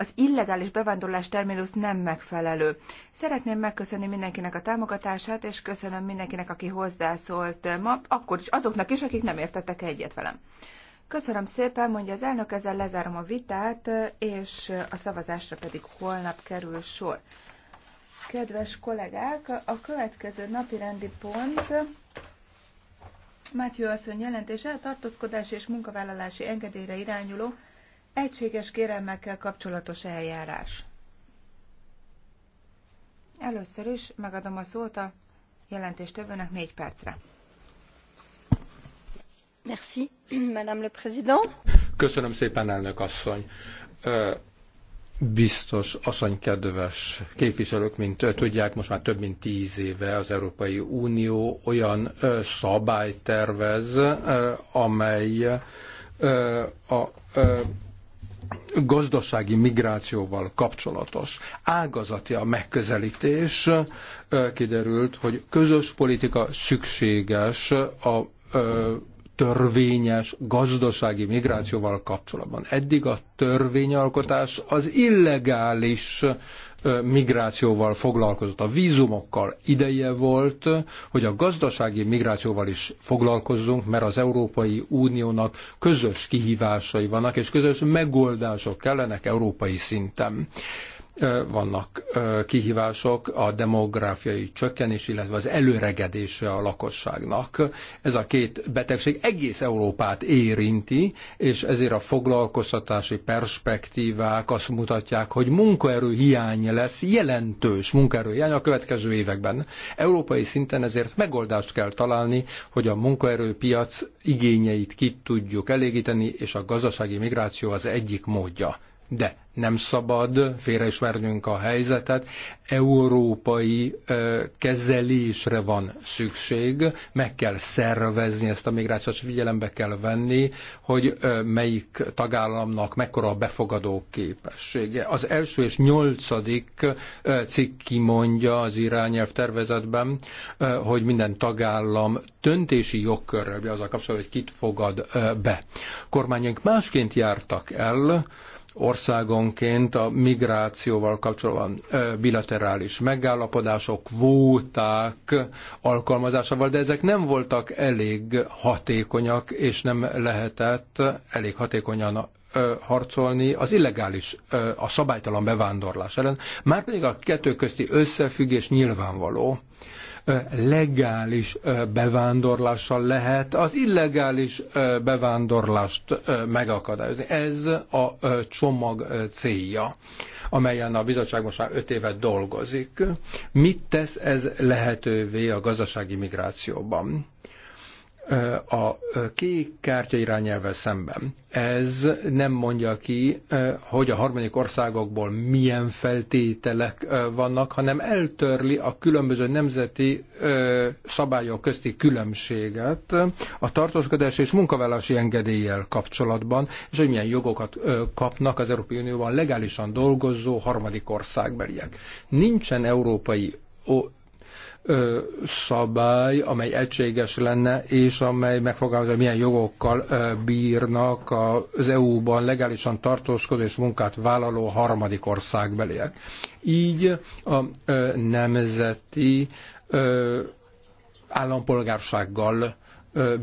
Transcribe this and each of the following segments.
az illegális bevándorlás terminus nem megfelelő. Szeretném megköszönni mindenkinek a támogatását, és köszönöm mindenkinek, aki hozzászólt ma, akkor is azoknak is, akik nem értettek egyet velem. Köszönöm szépen, mondja az elnök, ezzel lezárom a vitát, és a szavazásra pedig holnap kerül sor. Kedves kollégák, a következő napi rendi pont Mátyő asszony jelentése a tartózkodási és munkavállalási engedélyre irányuló Egységes kérelmekkel kapcsolatos eljárás. Először is megadom a szót a jelentéstevőnek négy percre. Merci, Madame le Président. Köszönöm szépen, elnök asszony. Biztos asszonykedves képviselők, mint tudják, most már több mint tíz éve az Európai Unió olyan tervez, amely a gazdasági migrációval kapcsolatos ágazati a megközelítés, kiderült, hogy közös politika szükséges a törvényes gazdasági migrációval kapcsolatban. Eddig a törvényalkotás az illegális migrációval foglalkozott, a vízumokkal ideje volt, hogy a gazdasági migrációval is foglalkozzunk, mert az Európai Uniónak közös kihívásai vannak, és közös megoldások kellenek európai szinten vannak kihívások a demográfiai csökkenés, illetve az előregedése a lakosságnak. Ez a két betegség egész Európát érinti, és ezért a foglalkoztatási perspektívák azt mutatják, hogy munkaerő hiány lesz, jelentős munkaerő hiány a következő években. Európai szinten ezért megoldást kell találni, hogy a munkaerőpiac igényeit ki tudjuk elégíteni, és a gazdasági migráció az egyik módja de nem szabad félre is vernünk a helyzetet. Európai kezelésre van szükség, meg kell szervezni ezt a migrációs figyelembe kell venni, hogy melyik tagállamnak mekkora a befogadó képessége. Az első és nyolcadik cikk kimondja az irányelv tervezetben, hogy minden tagállam döntési jogkörrel, azzal kapcsolatban, hogy kit fogad be. Kormányaink másként jártak el, országonként a migrációval kapcsolatban bilaterális megállapodások, kvóták alkalmazásával, de ezek nem voltak elég hatékonyak, és nem lehetett elég hatékonyan harcolni az illegális, a szabálytalan bevándorlás ellen. Márpedig a kettő közti összefüggés nyilvánvaló legális bevándorlással lehet az illegális bevándorlást megakadályozni. Ez a csomag célja, amelyen a bizottság most már öt évet dolgozik. Mit tesz ez lehetővé a gazdasági migrációban? a kék kártya irányelvvel szemben. Ez nem mondja ki, hogy a harmadik országokból milyen feltételek vannak, hanem eltörli a különböző nemzeti szabályok közti különbséget a tartózkodás és munkavállalási engedéllyel kapcsolatban, és hogy milyen jogokat kapnak az Európai Unióban legálisan dolgozó harmadik országbeliek. Nincsen európai szabály, amely egységes lenne, és amely megfogalmazza, hogy milyen jogokkal bírnak az EU-ban legálisan tartózkodó és munkát vállaló harmadik országbeliek. Így a nemzeti állampolgársággal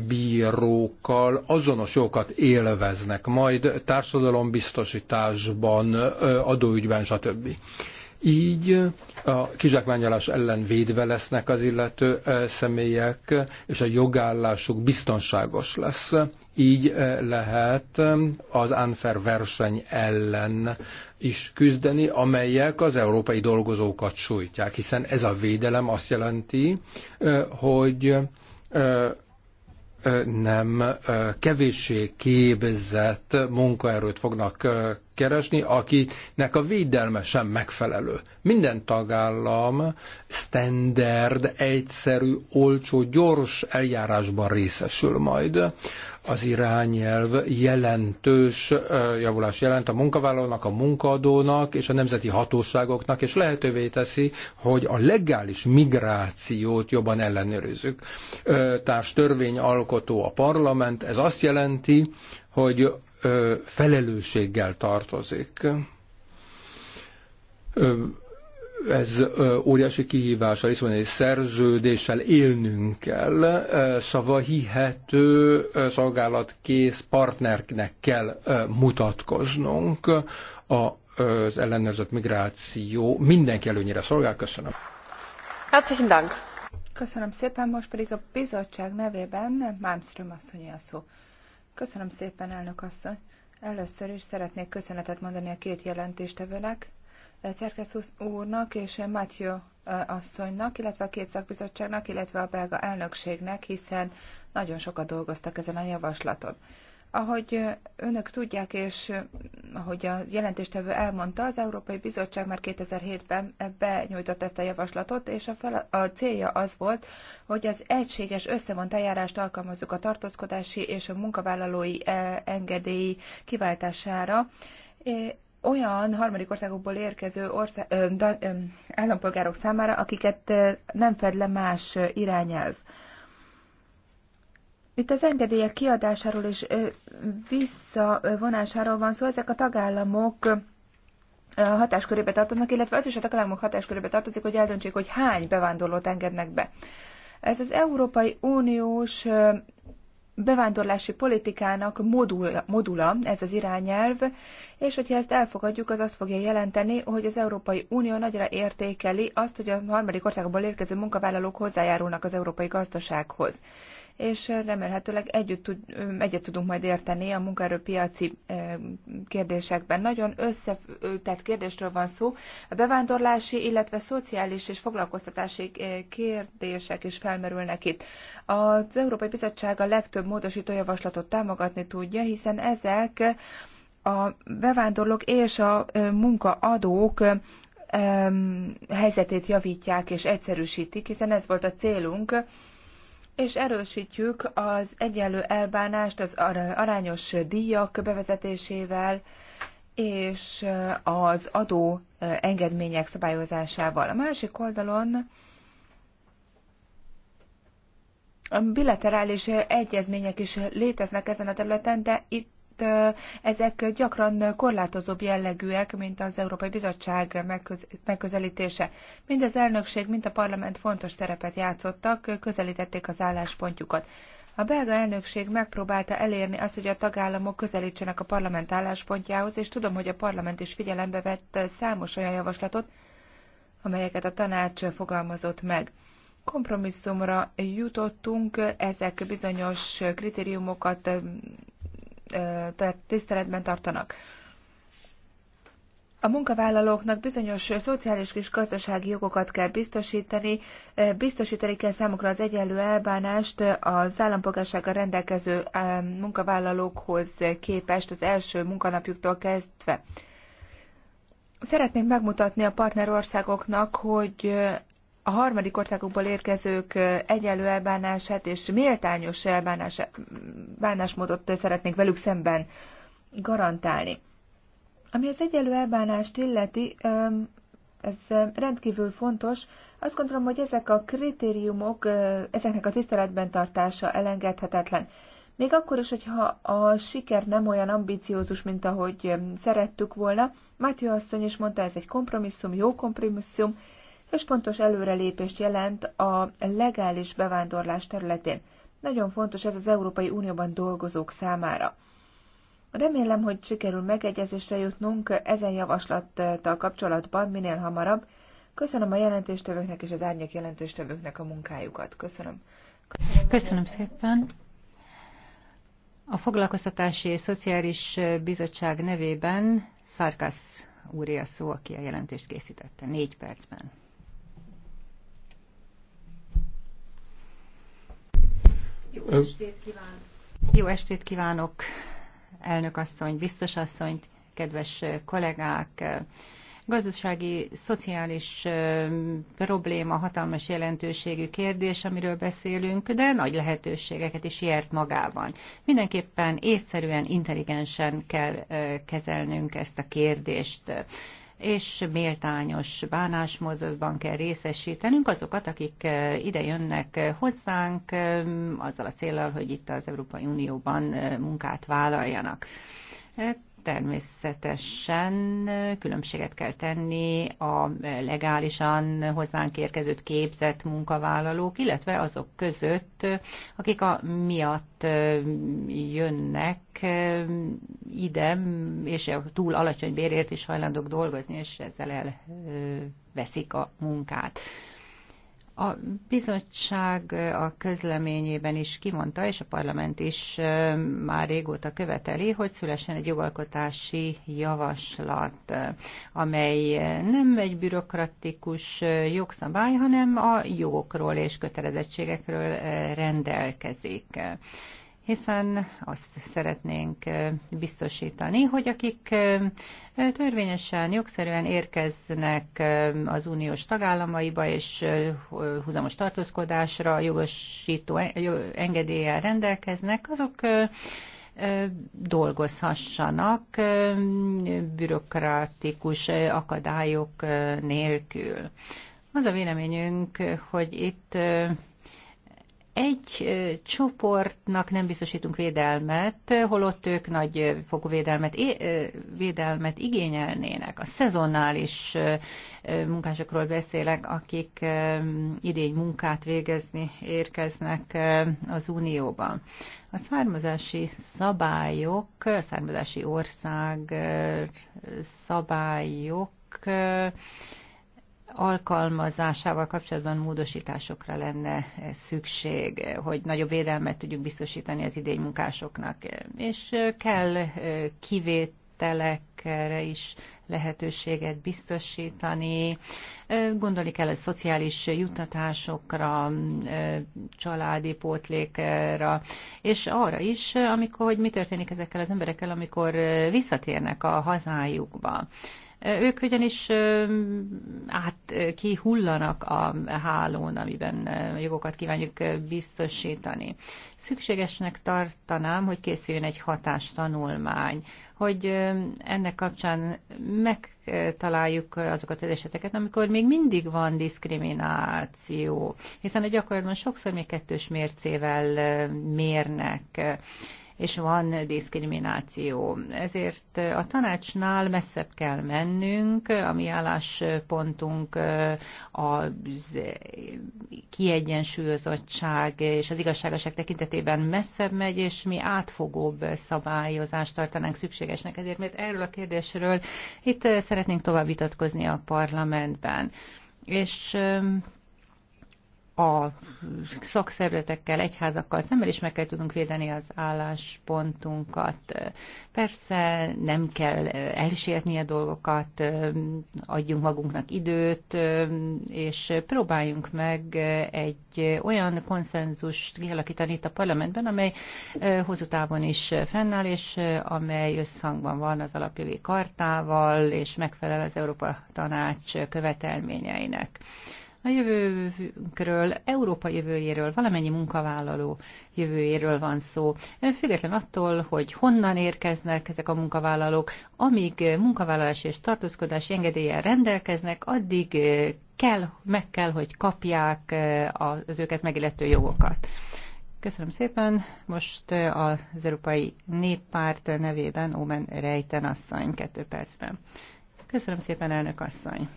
bírókkal azonos jogokat élveznek, majd társadalombiztosításban, adóügyben, stb. Így a kizsákmányolás ellen védve lesznek az illető személyek, és a jogállásuk biztonságos lesz. Így lehet az unfair verseny ellen is küzdeni, amelyek az európai dolgozókat sújtják, hiszen ez a védelem azt jelenti, hogy nem kevéssé képzett munkaerőt fognak keresni, akinek a védelme sem megfelelő. Minden tagállam standard, egyszerű, olcsó, gyors eljárásban részesül majd. Az irányelv jelentős javulás jelent a munkavállalónak, a munkadónak és a nemzeti hatóságoknak, és lehetővé teszi, hogy a legális migrációt jobban ellenőrizzük. Társ törvényalkotó a parlament, ez azt jelenti, hogy felelősséggel tartozik. Ez óriási kihívás a egy szerződéssel élnünk kell, szava hihető szolgálatkész partnernek kell mutatkoznunk az ellenőrzött migráció mindenki előnyére szolgál. Köszönöm. Herzlichen Dank. Köszönöm szépen, most pedig a bizottság nevében Malmström asszonyi a szó. Köszönöm szépen, elnök asszony. Először is szeretnék köszönetet mondani a két jelentéstevőnek, Cerkesz úrnak és Matthew asszonynak, illetve a két szakbizottságnak, illetve a belga elnökségnek, hiszen nagyon sokat dolgoztak ezen a javaslaton. Ahogy önök tudják, és ahogy a jelentéstevő elmondta, az Európai Bizottság már 2007-ben benyújtott ezt a javaslatot, és a, fel, a célja az volt, hogy az egységes összevont eljárást alkalmazzuk a tartózkodási és a munkavállalói e, engedélyi kiváltására, olyan harmadik országokból érkező ország, ö, da, ö, állampolgárok számára, akiket nem fed le más irányelv. Itt az engedélyek kiadásáról és visszavonásáról van szó, ezek a tagállamok hatáskörébe tartoznak, illetve az is a tagállamok hatáskörébe tartozik, hogy eldöntsék, hogy hány bevándorlót engednek be. Ez az Európai Uniós bevándorlási politikának modula, modula, ez az irányelv, és hogyha ezt elfogadjuk, az azt fogja jelenteni, hogy az Európai Unió nagyra értékeli azt, hogy a harmadik országokból érkező munkavállalók hozzájárulnak az európai gazdasághoz és remélhetőleg együtt tud, egyet tudunk majd érteni a munkaerőpiaci kérdésekben. Nagyon összetett kérdésről van szó. A bevándorlási, illetve szociális és foglalkoztatási kérdések is felmerülnek itt. Az Európai Bizottság a legtöbb módosító javaslatot támogatni tudja, hiszen ezek a bevándorlók és a munkaadók helyzetét javítják és egyszerűsítik, hiszen ez volt a célunk és erősítjük az egyenlő elbánást az arányos díjak bevezetésével, és az adó eh, engedmények szabályozásával. A másik oldalon bilaterális eh, egyezmények is léteznek ezen a területen, de itt mert ezek gyakran korlátozóbb jellegűek, mint az Európai Bizottság megközelítése. Mind az elnökség, mind a parlament fontos szerepet játszottak, közelítették az álláspontjukat. A belga elnökség megpróbálta elérni azt, hogy a tagállamok közelítsenek a parlament álláspontjához, és tudom, hogy a parlament is figyelembe vett számos olyan javaslatot, amelyeket a tanács fogalmazott meg. Kompromisszumra jutottunk, ezek bizonyos kritériumokat tehát tiszteletben tartanak. A munkavállalóknak bizonyos szociális és gazdasági jogokat kell biztosítani, biztosítani kell számukra az egyenlő elbánást az állampolgársággal rendelkező munkavállalókhoz képest az első munkanapjuktól kezdve. Szeretnénk megmutatni a partnerországoknak, hogy a harmadik országokból érkezők egyenlő elbánását és méltányos elbánás, bánásmódot szeretnénk velük szemben garantálni. Ami az egyenlő elbánást illeti, ez rendkívül fontos. Azt gondolom, hogy ezek a kritériumok, ezeknek a tiszteletben tartása elengedhetetlen. Még akkor is, hogyha a siker nem olyan ambiciózus, mint ahogy szerettük volna, Mátyó asszony is mondta, ez egy kompromisszum, jó kompromisszum, és fontos előrelépést jelent a legális bevándorlás területén. Nagyon fontos ez az Európai Unióban dolgozók számára. Remélem, hogy sikerül megegyezésre jutnunk ezen javaslattal kapcsolatban minél hamarabb. Köszönöm a jelentéstevőknek és az árnyék jelentéstevőknek a munkájukat. Köszönöm. Köszönöm, Köszönöm szépen. A Foglalkoztatási és Szociális Bizottság nevében Szárkász úr a szó, aki a jelentést készítette. Négy percben. Jó estét kívánok! elnök asszony, biztos asszony, kedves kollégák! Gazdasági, szociális probléma, hatalmas jelentőségű kérdés, amiről beszélünk, de nagy lehetőségeket is ért magában. Mindenképpen észszerűen, intelligensen kell kezelnünk ezt a kérdést és méltányos bánásmódban kell részesítenünk azokat, akik eh, ide jönnek eh, hozzánk, eh, azzal a célral, hogy itt az Európai Unióban munkát vállaljanak természetesen különbséget kell tenni a legálisan hozzánk érkezőt képzett munkavállalók, illetve azok között, akik a miatt jönnek ide, és túl alacsony bérért is hajlandók dolgozni, és ezzel elveszik a munkát. A bizottság a közleményében is kimondta, és a parlament is már régóta követeli, hogy szülessen egy jogalkotási javaslat, amely nem egy bürokratikus jogszabály, hanem a jogokról és kötelezettségekről rendelkezik hiszen azt szeretnénk biztosítani, hogy akik törvényesen, jogszerűen érkeznek az uniós tagállamaiba, és húzamos tartózkodásra jogosító engedéllyel rendelkeznek, azok dolgozhassanak bürokratikus akadályok nélkül. Az a véleményünk, hogy itt egy csoportnak nem biztosítunk védelmet, holott ők nagy fokú védelmet, védelmet igényelnének. A szezonális munkásokról beszélek, akik idény munkát végezni érkeznek az Unióban. A származási szabályok, a származási ország szabályok alkalmazásával kapcsolatban módosításokra lenne szükség, hogy nagyobb védelmet tudjuk biztosítani az idénymunkásoknak, és kell eh, kivét telekre is lehetőséget biztosítani. Eh, gondolni kell a szociális juttatásokra, eh, családi pótlékra, és arra is, amikor, hogy mi történik ezekkel az emberekkel, amikor visszatérnek a hazájukba. Ők ugyanis át kihullanak a hálón, amiben jogokat kívánjuk biztosítani. Szükségesnek tartanám, hogy készüljön egy hatástanulmány, hogy ennek kapcsán megtaláljuk azokat az eseteket, amikor még mindig van diszkrimináció, hiszen a gyakorlatban sokszor még kettős mércével mérnek és van diszkrimináció. Ezért a tanácsnál messzebb kell mennünk, a mi álláspontunk a kiegyensúlyozottság és az igazságosság tekintetében messzebb megy, és mi átfogóbb szabályozást tartanánk szükségesnek. Ezért, mert erről a kérdésről itt szeretnénk tovább vitatkozni a parlamentben. És a szakszervezetekkel, egyházakkal szemben is meg kell tudnunk védeni az álláspontunkat. Persze nem kell elsietni a dolgokat, adjunk magunknak időt, és próbáljunk meg egy olyan konszenzust kialakítani itt a parlamentben, amely hosszú távon is fennáll, és amely összhangban van az alapjogi kartával, és megfelel az Európa Tanács követelményeinek. A jövőnkről, Európa jövőjéről, valamennyi munkavállaló jövőjéről van szó. Független attól, hogy honnan érkeznek ezek a munkavállalók, amíg munkavállalási és tartózkodási engedéllyel rendelkeznek, addig eh, kell, meg kell, hogy kapják eh, az őket megillető jogokat. Köszönöm szépen. Most eh, az Európai Néppárt nevében Ómen Rejten asszony kettő percben. Köszönöm szépen, elnök asszony.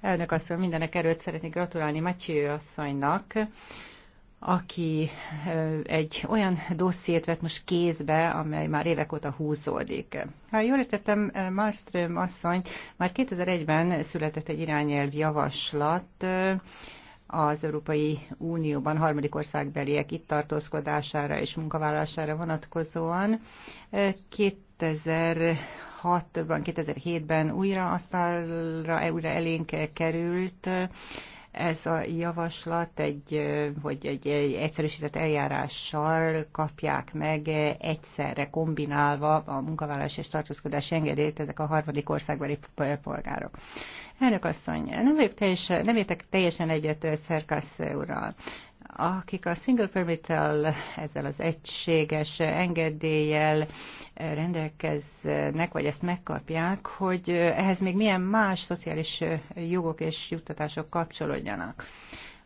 Elnök asszony, mindenek erőt szeretnék gratulálni Matyő asszonynak, aki egy olyan dossziét vett most kézbe, amely már évek óta húzódik. Ha jól értettem, Malmström asszony már 2001-ben született egy irányelv javaslat, az Európai Unióban harmadik országbeliek itt tartózkodására és munkavállalására vonatkozóan. Két 2006-ban, 2007-ben újra asztalra, újra elénk került, ez a javaslat, egy, hogy egy, egy egyszerűsített eljárással kapják meg egyszerre kombinálva a munkavállalás és tartózkodás engedélyt ezek a harmadik országbeli polgárok. Elnök asszony, nem, vagyok teljesen, nem értek teljesen egyet Szerkasz úrral akik a single permit ezzel az egységes engedéllyel rendelkeznek, vagy ezt megkapják, hogy ehhez még milyen más szociális jogok és juttatások kapcsolódjanak.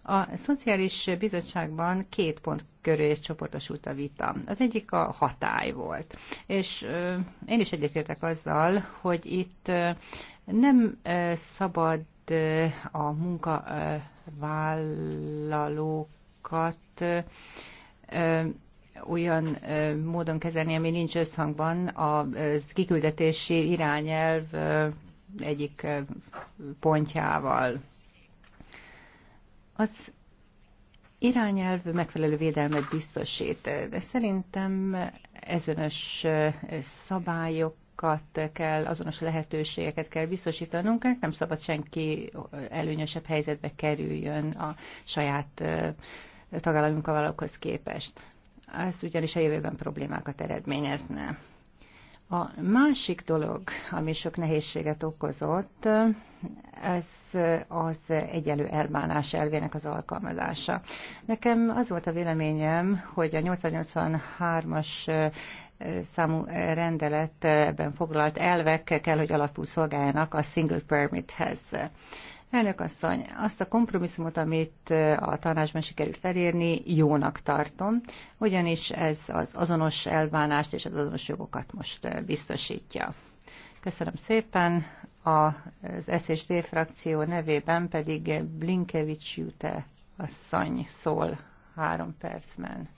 A Szociális Bizottságban két pont köré csoportosult a vita. Az egyik a hatály volt. És én is egyetértek azzal, hogy itt nem szabad a munkavállalókat olyan módon kezelni, ami nincs összhangban a kiküldetési irányelv egyik pontjával. Az irányelv megfelelő védelmet biztosít, de szerintem ezönös szabályok kell, azonos lehetőségeket kell biztosítanunk, hát nem szabad senki előnyösebb helyzetbe kerüljön a saját tagállamunkkal valókhoz képest az ugyanis a jövőben problémákat eredményezne. A másik dolog, ami sok nehézséget okozott, ez az egyenlő elbánás elvének az alkalmazása. Nekem az volt a véleményem, hogy a 883-as számú rendeletben foglalt elvek kell, hogy alapul szolgáljanak a single permithez. Elnök asszony, azt a kompromisszumot, amit a tanácsban sikerült elérni, jónak tartom, ugyanis ez az azonos elvánást és az azonos jogokat most biztosítja. Köszönöm szépen. Az SSD frakció nevében pedig Blinkevics Jute asszony szól három percben.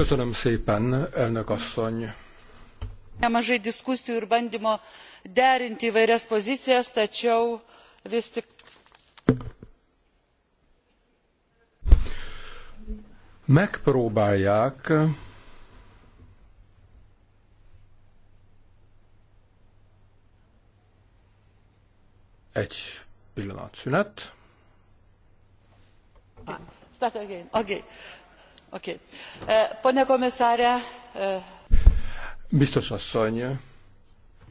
Köszönöm szépen, elnök asszony. Nemažai diskusijų ir bandymo derinti įvairias pozicijas, tačiau vis tik. Megpróbálják egy pillanat szünet. Start again. Okay. Eh, Pane komisáre, eh, Biztos asszony,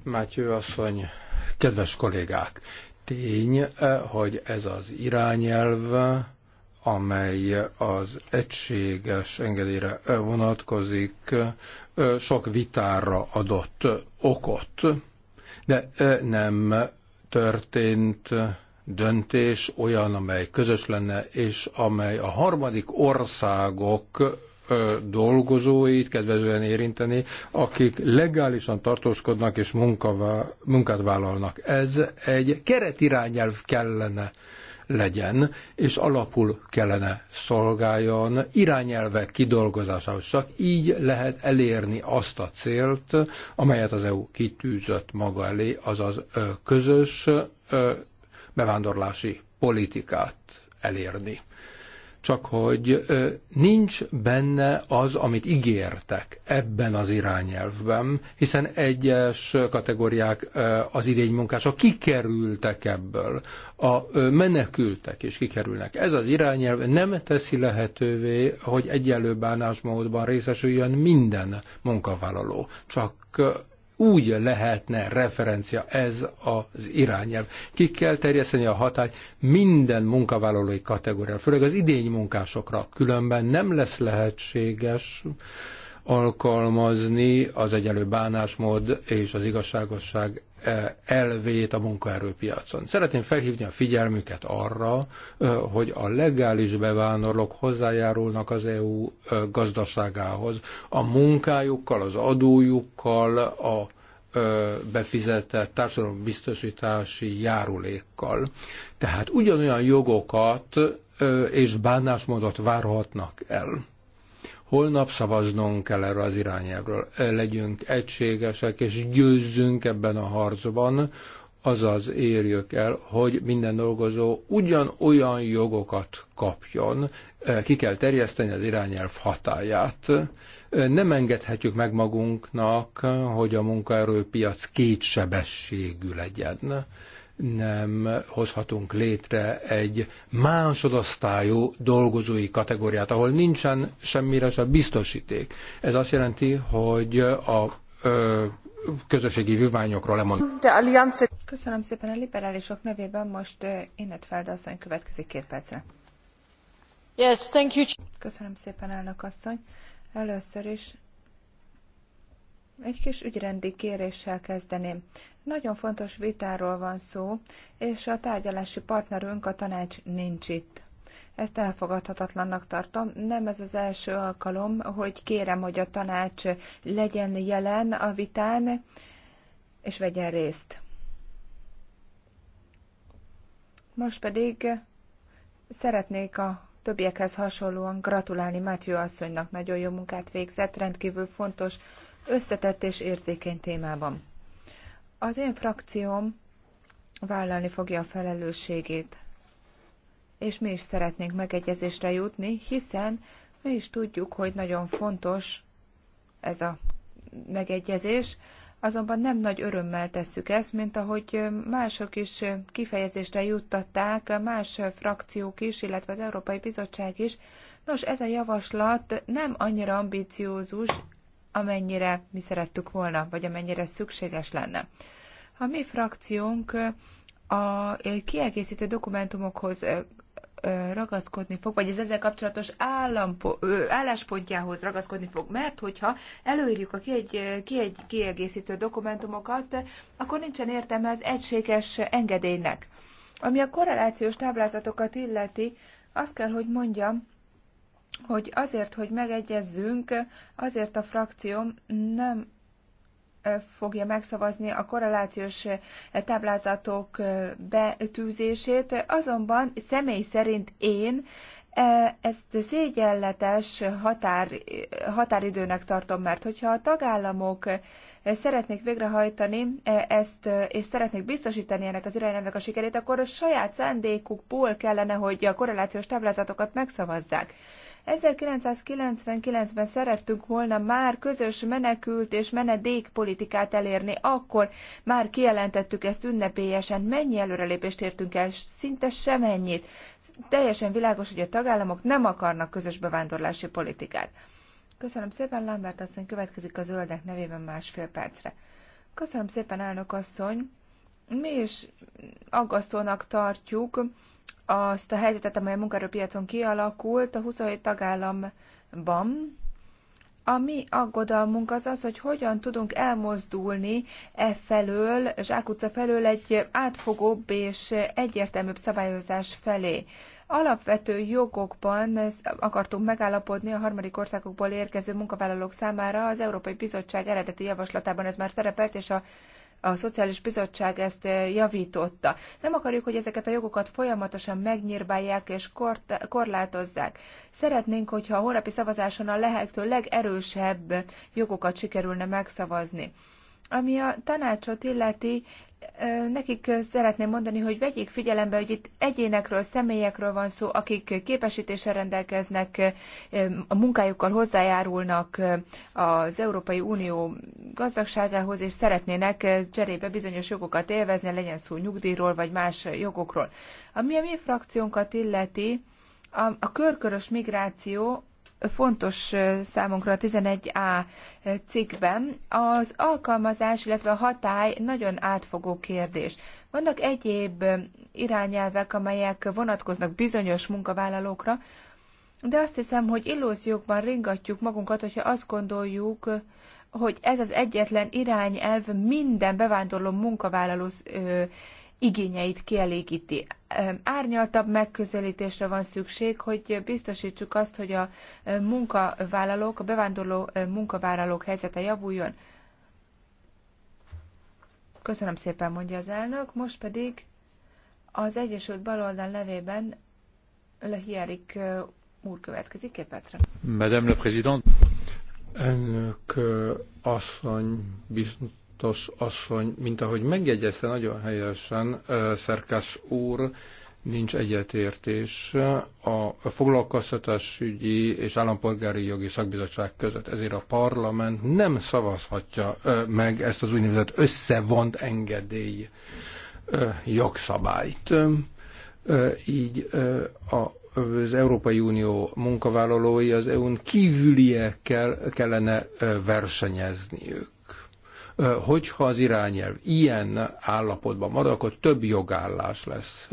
Mátyő asszony, kedves kollégák, tény, eh, hogy ez az irányelv, amely az egységes engedélyre vonatkozik, sok vitára adott okot, de nem történt döntés olyan, amely közös lenne, és amely a harmadik országok dolgozóit kedvezően érinteni, akik legálisan tartózkodnak és munkát vállalnak. Ez egy keretirányelv kellene legyen, és alapul kellene szolgáljon irányelvek kidolgozásához. Csak így lehet elérni azt a célt, amelyet az EU kitűzött maga elé, azaz közös bevándorlási politikát elérni. Csak hogy nincs benne az, amit ígértek ebben az irányelvben, hiszen egyes kategóriák az idénymunkások kikerültek ebből, a menekültek is kikerülnek. Ez az irányelv nem teszi lehetővé, hogy egyenlő bánásmódban részesüljön minden munkavállaló. Csak úgy lehetne referencia ez az irányelv. Ki kell terjeszteni a hatály minden munkavállalói kategóriára, főleg az idény munkásokra, különben nem lesz lehetséges alkalmazni az egyenlő bánásmód és az igazságosság eh, elvét a munkaerőpiacon. Szeretném felhívni a figyelmüket arra, eh, hogy a legális bevándorlók hozzájárulnak az EU eh, gazdaságához. A munkájukkal, az adójukkal, a befizetett társadalombiztosítási járulékkal. Tehát ugyanolyan jogokat és bánásmódot várhatnak el. Holnap szavaznunk kell erre az irányelvről. Legyünk egységesek, és győzzünk ebben a harcban, azaz érjük el, hogy minden dolgozó ugyanolyan jogokat kapjon, ki kell terjeszteni az irányelv hatáját. Nem engedhetjük meg magunknak, hogy a munkaerőpiac kétsebességű legyen nem hozhatunk létre egy másodosztályú dolgozói kategóriát, ahol nincsen semmire se biztosíték. Ez azt jelenti, hogy a ö, közösségi vívmányokról lemond. Köszönöm szépen a liberálisok nevében, most Innet Feldasszony következik két percre. Yes, thank you. Köszönöm szépen, elnök asszony. Először is egy kis ügyrendi kéréssel kezdeném. Nagyon fontos vitáról van szó, és a tárgyalási partnerünk, a tanács nincs itt. Ezt elfogadhatatlannak tartom. Nem ez az első alkalom, hogy kérem, hogy a tanács legyen jelen a vitán, és vegyen részt. Most pedig szeretnék a többiekhez hasonlóan gratulálni Mátyó asszonynak. Nagyon jó munkát végzett, rendkívül fontos összetett és érzékeny témában. Az én frakcióm vállalni fogja a felelősségét, és mi is szeretnénk megegyezésre jutni, hiszen mi is tudjuk, hogy nagyon fontos ez a megegyezés, azonban nem nagy örömmel tesszük ezt, mint ahogy mások is kifejezésre juttatták, más frakciók is, illetve az Európai Bizottság is. Nos, ez a javaslat nem annyira ambiciózus, amennyire mi szerettük volna, vagy amennyire szükséges lenne. A mi frakciónk a kiegészítő dokumentumokhoz ragaszkodni fog, vagy az ezzel kapcsolatos állampo- álláspontjához ragaszkodni fog, mert hogyha előírjuk a kiegy, kiegy, kiegészítő dokumentumokat, akkor nincsen értelme az egységes engedélynek. Ami a korrelációs táblázatokat illeti, azt kell, hogy mondjam, hogy azért, hogy megegyezzünk, azért a frakcióm nem fogja megszavazni a korrelációs táblázatok betűzését, azonban személy szerint én ezt szégyenletes határ, határidőnek tartom, mert hogyha a tagállamok szeretnék végrehajtani ezt, és szeretnék biztosítani ennek az irányelvnek a sikerét, akkor a saját szándékukból kellene, hogy a korrelációs táblázatokat megszavazzák. 1999-ben szerettünk volna már közös menekült és menedékpolitikát elérni, akkor már kijelentettük ezt ünnepélyesen, mennyi előrelépést értünk el, szinte semennyit. Teljesen világos, hogy a tagállamok nem akarnak közös bevándorlási politikát. Köszönöm szépen, Lambert asszony, következik a zöldek nevében másfél percre. Köszönöm szépen, elnök asszony. Mi is aggasztónak tartjuk azt a helyzetet, amely a munkaerőpiacon kialakult a 27 tagállamban. A mi aggodalmunk az az, hogy hogyan tudunk elmozdulni e felől, zsákutca felől egy átfogóbb és egyértelműbb szabályozás felé. Alapvető jogokban akartunk megállapodni a harmadik országokból érkező munkavállalók számára. Az Európai Bizottság eredeti javaslatában ez már szerepelt, és a a Szociális Bizottság ezt eh, javította. Nem akarjuk, hogy ezeket a jogokat folyamatosan megnyírbálják és korlátozzák. Szeretnénk, hogyha a holnapi szavazáson a lehető legerősebb jogokat sikerülne megszavazni. Ami a tanácsot illeti, nekik szeretném mondani, hogy vegyék figyelembe, hogy itt egyénekről, személyekről van szó, akik képesítéssel rendelkeznek, a munkájukkal hozzájárulnak az Európai Unió gazdagságához, és szeretnének cserébe bizonyos jogokat élvezni, legyen szó nyugdíjról vagy más jogokról. Ami a mi frakciónkat illeti, a, a körkörös migráció fontos számunkra a 11A cikkben. Az alkalmazás, illetve a hatály nagyon átfogó kérdés. Vannak egyéb irányelvek, amelyek vonatkoznak bizonyos munkavállalókra, de azt hiszem, hogy illúziókban ringatjuk magunkat, hogyha azt gondoljuk, hogy ez az egyetlen irányelv minden bevándorló munkavállaló igényeit kielégíti. Árnyaltabb megközelítésre van szükség, hogy biztosítsuk azt, hogy a munkavállalók, a bevándorló munkavállalók helyzete javuljon. Köszönöm szépen, mondja az elnök. Most pedig az Egyesült Baloldal nevében Lehiárik úr következik. Két percre. Madame la Présidente. Elnök asszony, biztos biztos asszony, mint ahogy megjegyezte nagyon helyesen Szerkász úr, nincs egyetértés a foglalkoztatásügyi és állampolgári jogi szakbizottság között. Ezért a parlament nem szavazhatja meg ezt az úgynevezett összevont engedély jogszabályt. Így a az Európai Unió munkavállalói az EU-n kívüliekkel kellene versenyezniük Hogyha az irányelv ilyen állapotban marad, akkor több jogállás lesz.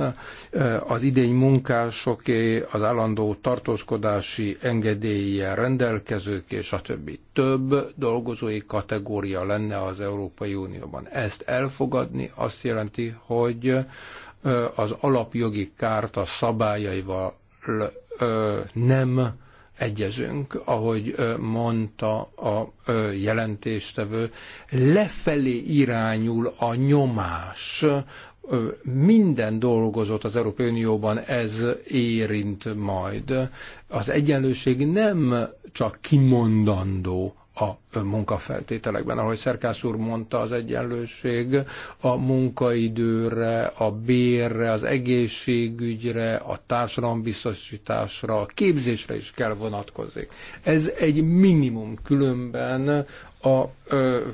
Az idény munkásoké, az állandó tartózkodási engedélye rendelkezők és a többi. Több dolgozói kategória lenne az Európai Unióban. Ezt elfogadni azt jelenti, hogy az alapjogi kárta szabályaival nem egyezünk, ahogy mondta a jelentéstevő, lefelé irányul a nyomás, minden dolgozót az Európai Unióban ez érint majd. Az egyenlőség nem csak kimondandó a munkafeltételekben. Ahogy Szerkász úr mondta, az egyenlőség a munkaidőre, a bérre, az egészségügyre, a társadalombiztosításra, a képzésre is kell vonatkozik. Ez egy minimum, különben a ö,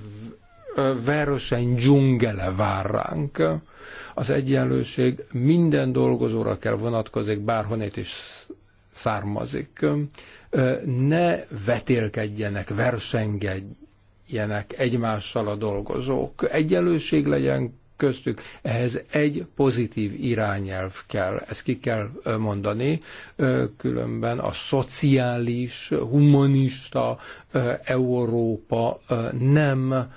verseny dzsungele vár ránk. Az egyenlőség minden dolgozóra kell vonatkozik, bárhonét is származik. Ne vetélkedjenek, versengedjenek egymással a dolgozók. Egyenlőség legyen köztük. Ehhez egy pozitív irányelv kell, ezt ki kell mondani, különben a szociális, humanista Európa nem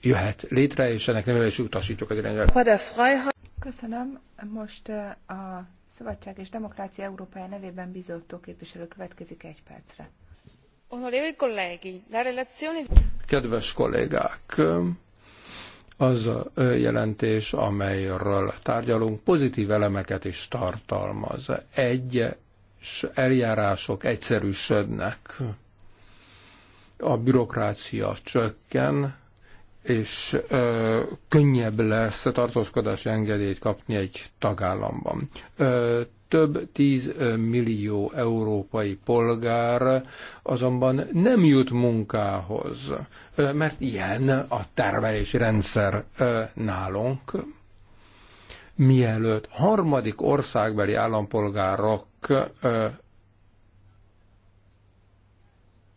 jöhet létre, és ennek nevelési utasítjuk az irányelvet. Köszönöm. Most a Szabadság és Demokrácia Európája nevében bizottó képviselő következik egy percre. Kedves kollégák, az a jelentés, amelyről tárgyalunk, pozitív elemeket is tartalmaz. Egyes eljárások egyszerűsödnek, a bürokrácia csökken, és ö, könnyebb lesz tartózkodási engedélyt kapni egy tagállamban. Ö, több tíz millió európai polgár azonban nem jut munkához, ö, mert ilyen a termelési rendszer ö, nálunk. Mielőtt harmadik országbeli állampolgárok ö,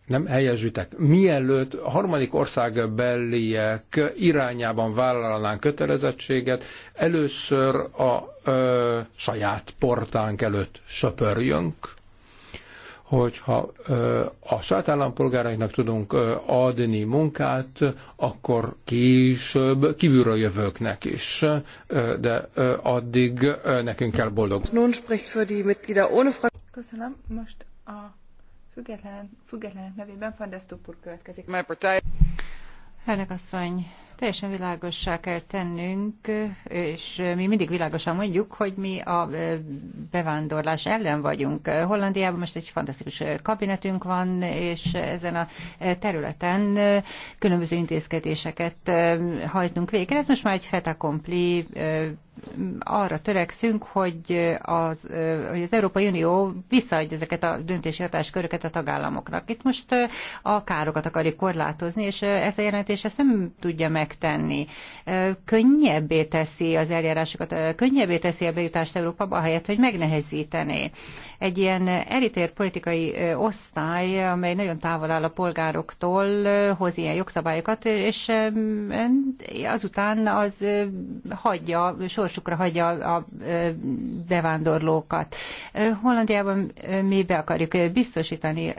nem helyesbitek. Mielőtt a harmadik ország belliek irányában vállalnánk kötelezettséget, először a ö, saját portánk előtt söpörjünk, hogyha ö, a saját állampolgárainknak tudunk ö, adni munkát, akkor később kívülről jövőknek is, ö, de ö, addig ö, nekünk kell boldog. Köszönöm. Most a Független, függetlenek nevében Fandesztúpur következik. Elnök asszony, teljesen világossá kell tennünk, és mi mindig világosan mondjuk, hogy mi a bevándorlás ellen vagyunk. Hollandiában most egy fantasztikus kabinetünk van, és ezen a területen különböző intézkedéseket hajtunk végre. Ez most már egy fetakompli arra törekszünk, hogy az, hogy az Európai Unió visszaadja ezeket a döntési hatásköröket a tagállamoknak. Itt most a károkat akarjuk korlátozni, és ez a jelentés ezt nem tudja megtenni. Könnyebbé teszi az eljárásokat, könnyebbé teszi a bejutást Európába, ahelyett, hogy megnehezítené. Egy ilyen elitér politikai osztály, amely nagyon távol áll a polgároktól, hoz ilyen jogszabályokat, és azután az hagyja sor sorsukra hagyja a bevándorlókat. Hollandiában mi be akarjuk biztosítani,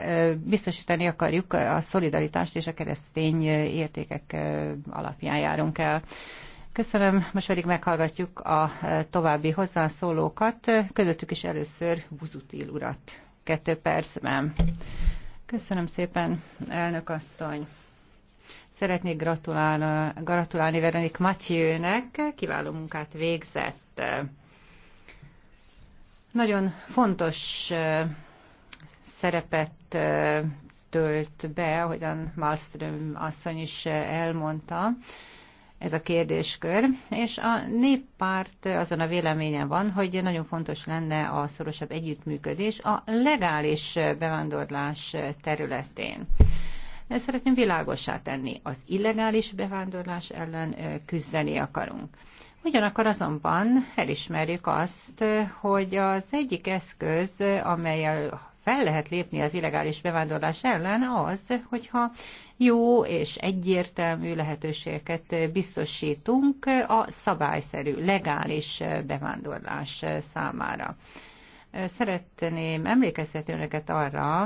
biztosítani akarjuk a szolidaritást és a keresztény értékek alapján járunk el. Köszönöm, most pedig meghallgatjuk a további hozzászólókat, közöttük is először Buzutil urat. Kettő percben. Köszönöm szépen, elnök asszony. Szeretnék gratulál, gratulálni Veronik Matyőnek, kiváló munkát végzett. Nagyon fontos szerepet tölt be, ahogyan Malmström asszony is elmondta, ez a kérdéskör, és a néppárt azon a véleményen van, hogy nagyon fontos lenne a szorosabb együttműködés a legális bevándorlás területén. Ezt szeretném világosá tenni. Az illegális bevándorlás ellen küzdeni akarunk. Ugyanakkor azonban elismerjük azt, hogy az egyik eszköz, amelyel fel lehet lépni az illegális bevándorlás ellen az, hogyha jó és egyértelmű lehetőségeket biztosítunk a szabályszerű, legális bevándorlás számára. Szeretném emlékeztetni önöket arra,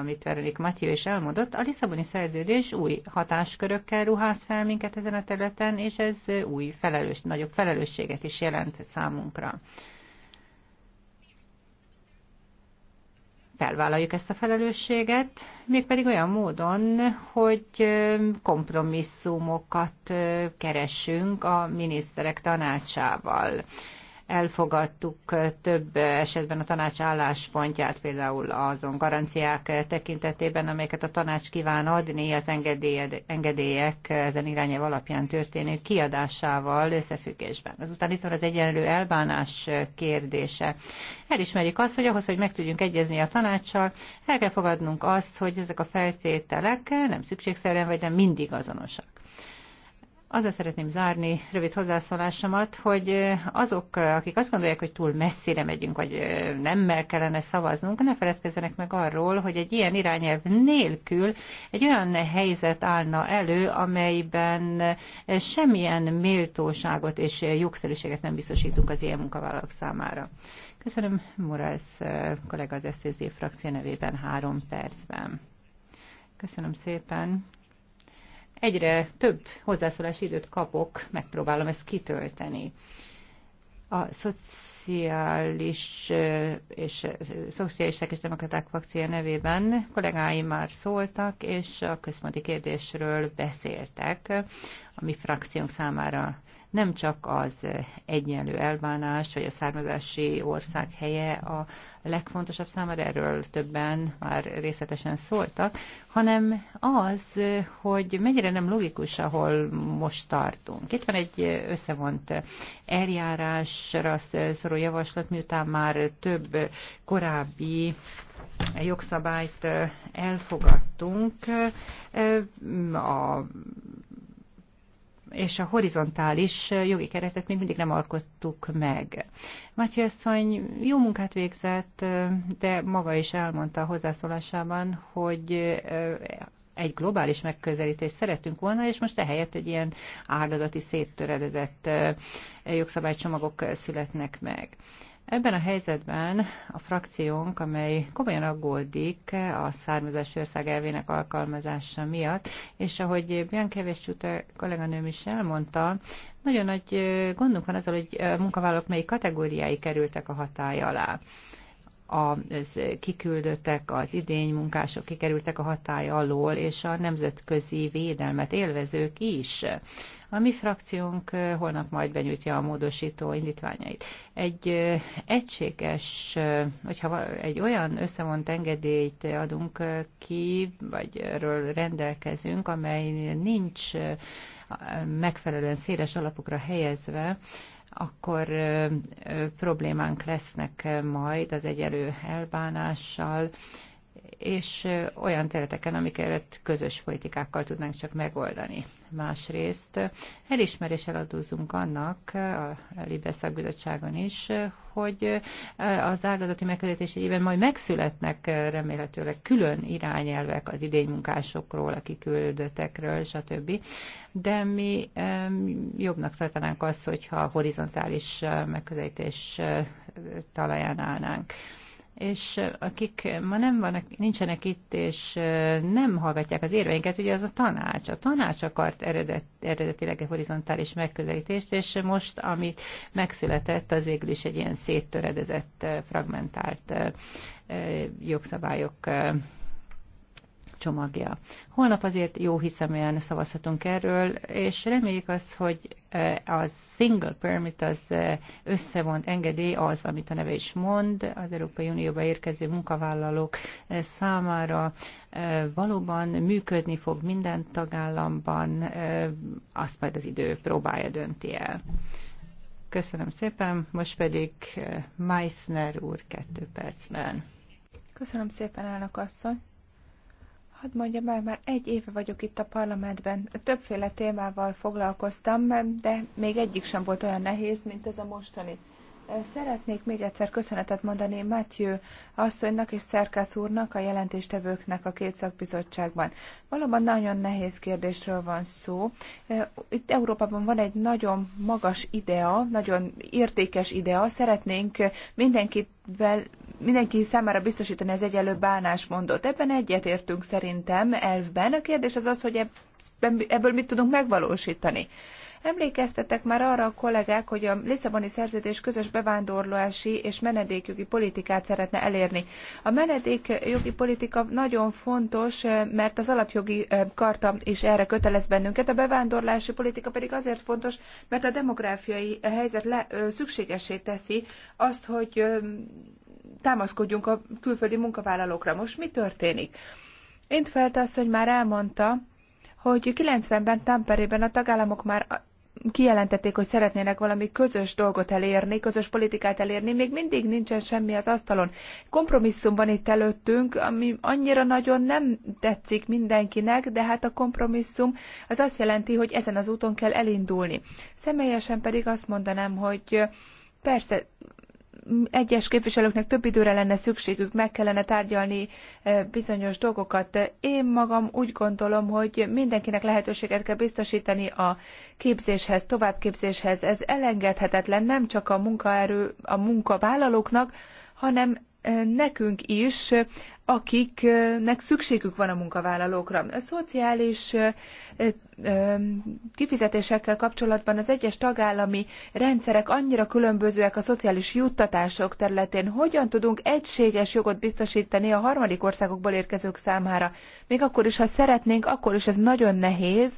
amit Veronik Matyó is elmondott, a Lisszaboni szerződés új hatáskörökkel ruház fel minket ezen a területen, és ez új, felelős, nagyobb felelősséget is jelent számunkra. felvállaljuk ezt a felelősséget, mégpedig olyan módon, hogy kompromisszumokat keresünk a miniszterek tanácsával elfogadtuk több esetben a tanács álláspontját, például azon garanciák tekintetében, amelyeket a tanács kíván adni az engedélyek ezen irányel alapján történő kiadásával összefüggésben. Azután viszont az egyenlő elbánás kérdése. Elismerjük azt, hogy ahhoz, hogy meg tudjunk egyezni a tanácssal, el kell fogadnunk azt, hogy ezek a feltételek nem szükségszerűen vagy nem mindig azonosak. Azzal szeretném zárni rövid hozzászólásomat, hogy azok, akik azt gondolják, hogy túl messzire megyünk, vagy mer kellene szavaznunk, ne feledkezzenek meg arról, hogy egy ilyen irányelv nélkül egy olyan helyzet állna elő, amelyben semmilyen méltóságot és jogszerűséget nem biztosítunk az ilyen munkavállalók számára. Köszönöm Morales kollega az SZZ frakció nevében három percben. Köszönöm szépen egyre több hozzászólási időt kapok, megpróbálom ezt kitölteni. A szociális és szociális és demokraták frakció nevében kollégáim már szóltak, és a központi kérdésről beszéltek, ami frakciónk számára nem csak az egyenlő elbánás, vagy a származási ország helye a legfontosabb számára, erről többen már részletesen szóltak, hanem az, hogy mennyire nem logikus, ahol most tartunk. Itt van egy összevont eljárásra szoró javaslat, miután már több korábbi jogszabályt elfogadtunk, a és a horizontális jogi keretet még mindig nem alkottuk meg. Matyi asszony jó munkát végzett, de maga is elmondta a hozzászólásában, hogy egy globális megközelítést szeretünk volna, és most ehelyett egy ilyen ágazati széttöredezett jogszabálycsomagok születnek meg. Ebben a helyzetben a frakciónk, amely komolyan aggódik a származási ország elvének alkalmazása miatt, és ahogy kevés Csuta kolléganőm is elmondta, nagyon nagy gondunk van azzal, hogy a munkavállalók mely kategóriái kerültek a hatály alá a kiküldöttek, az idény munkások kikerültek a hatály alól, és a nemzetközi védelmet élvezők is. A mi frakciónk holnap majd benyújtja a módosító indítványait. Egy egységes, hogyha egy olyan összevont engedélyt adunk ki, vagy erről rendelkezünk, amely nincs megfelelően széles alapokra helyezve, akkor problémánk lesznek majd az egyelő elbánással, és olyan területeken, amiket közös politikákkal tudnánk csak megoldani másrészt elismeréssel adózunk annak a Libe szakbizottságon is, hogy az ágazati megközelítés egyében majd megszületnek remélhetőleg külön irányelvek az idénymunkásokról, a kiküldöttekről, stb. De mi jobbnak tartanánk azt, hogyha horizontális megközelítés talaján állnánk és akik ma nem vannak, nincsenek itt, és nem hallgatják az érveinket, ugye az a tanács. A tanács akart eredet, eredetileg egy horizontális megközelítést, és most, amit megszületett, az végül is egy ilyen széttöredezett, fragmentált jogszabályok csomagja. Holnap azért jó hiszeműen szavazhatunk erről, és reméljük azt, hogy e, a single permit, az e, összevont engedély az, amit a neve is mond, az Európai Unióba érkező munkavállalók e, számára valóban működni fog minden tagállamban, azt majd az idő próbálja dönti el. Köszönöm szépen, most pedig Meissner úr kettő percben. Köszönöm szépen, elnök asszony. Hadd mondjam el, már egy éve vagyok itt a parlamentben. Többféle témával foglalkoztam, de még egyik sem volt olyan nehéz, mint ez a mostani. Szeretnék még egyszer köszönetet mondani Matthew asszonynak és Szerkász úrnak, a jelentéstevőknek a két szakbizottságban. Valóban nagyon nehéz kérdésről van szó. E, itt Európában van egy nagyon magas idea, nagyon értékes idea. Szeretnénk mindenkivel, mindenki számára biztosítani az egyenlő bánásmondot. Ebben egyetértünk szerintem elvben. A kérdés az az, hogy ebből mit tudunk megvalósítani. Emlékeztetek már arra a kollégák, hogy a Lisszaboni szerződés közös bevándorlási és menedékjogi politikát szeretne elérni. A menedékjogi politika nagyon fontos, eh, mert az alapjogi eh, karta is erre kötelez bennünket, a bevándorlási politika pedig azért fontos, mert a demográfiai helyzet le, eh, szükségesé teszi azt, hogy támaszkodjunk a külföldi munkavállalókra. Most mi történik? Intfelt asszony már elmondta, hogy 90-ben Tamperében a tagállamok már kijelentették, hogy szeretnének valami közös dolgot elérni, közös politikát elérni, még mindig nincsen semmi az asztalon. Kompromisszum van itt előttünk, ami annyira nagyon nem tetszik mindenkinek, de hát a kompromisszum az azt jelenti, hogy ezen az úton kell elindulni. Személyesen pedig azt mondanám, hogy persze egyes képviselőknek több időre lenne szükségük, meg kellene tárgyalni eh, bizonyos dolgokat. Én magam úgy gondolom, hogy mindenkinek lehetőséget kell biztosítani a képzéshez, továbbképzéshez. Ez elengedhetetlen nem csak a munkaerő, a munkavállalóknak, hanem eh, nekünk is akiknek szükségük van a munkavállalókra. A szociális kifizetésekkel kapcsolatban az egyes tagállami rendszerek annyira különbözőek a szociális juttatások területén. Hogyan tudunk egységes jogot biztosítani a harmadik országokból érkezők számára? Még akkor is, ha szeretnénk, akkor is ez nagyon nehéz,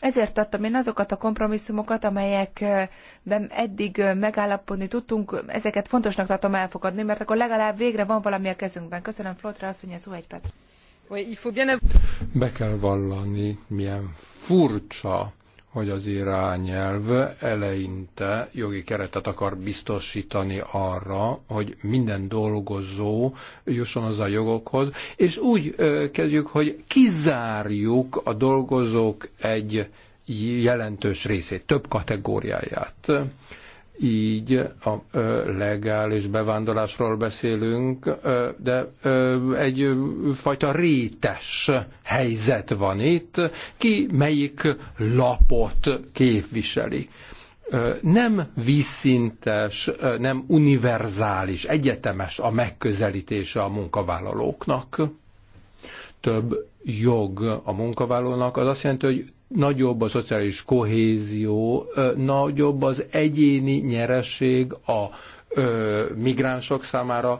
ezért tettem én azokat a kompromisszumokat, amelyekben eddig megállapodni tudtunk, ezeket fontosnak tartom elfogadni, mert akkor legalább végre van valami a kezünkben. Köszönöm, Flotra mondja, szó egy perc. Be kell vallani, milyen furcsa hogy az nyelv eleinte jogi keretet akar biztosítani arra, hogy minden dolgozó jusson az a jogokhoz, és úgy kezdjük, hogy kizárjuk a dolgozók egy jelentős részét, több kategóriáját így a legális bevándorlásról beszélünk, de egy fajta rétes helyzet van itt, ki melyik lapot képviseli. Nem vízszintes, nem univerzális, egyetemes a megközelítése a munkavállalóknak. Több jog a munkavállalónak, az azt jelenti, hogy nagyobb a szociális kohézió, nagyobb az egyéni nyereség a migránsok számára,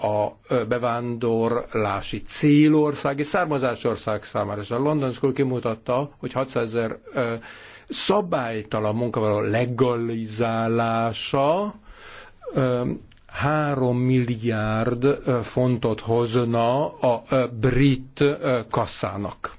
a bevándorlási célország és származásország számára. És a London School kimutatta, hogy 600 ezer szabálytalan munkavaló legalizálása 3 milliárd fontot hozna a brit kasszának.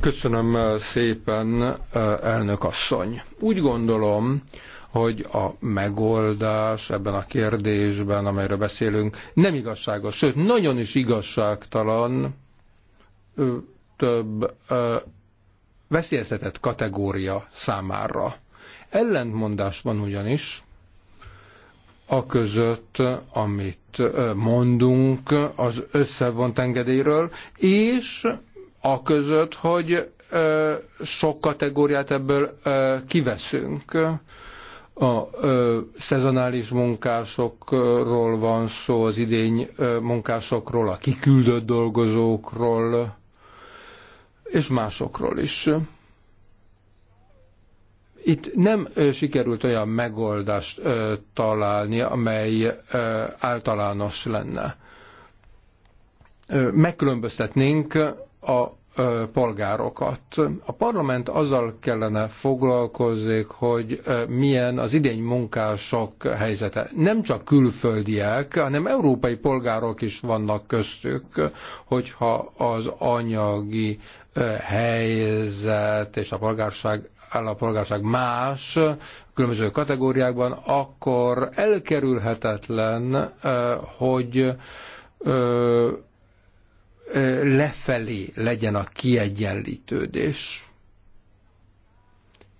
Köszönöm eh, szépen, eh, elnök asszony. Úgy gondolom, hogy a megoldás ebben a kérdésben, amelyről beszélünk, nem igazságos, sőt, nagyon is igazságtalan, több veszélyeztetett kategória számára. Ellentmondás van ugyanis a között, amit mondunk az összevont engedélyről, és a között, hogy sok kategóriát ebből kiveszünk. A szezonális munkásokról van szó, az idény munkásokról, a kiküldött dolgozókról, és másokról is. Itt nem sikerült olyan megoldást találni, amely általános lenne. Megkülönböztetnénk a polgárokat. A parlament azzal kellene foglalkozik, hogy milyen az idény munkások helyzete. Nem csak külföldiek, hanem európai polgárok is vannak köztük, hogyha az anyagi helyzet és a polgárság polgárság más különböző kategóriákban, akkor elkerülhetetlen, hogy lefelé legyen a kiegyenlítődés.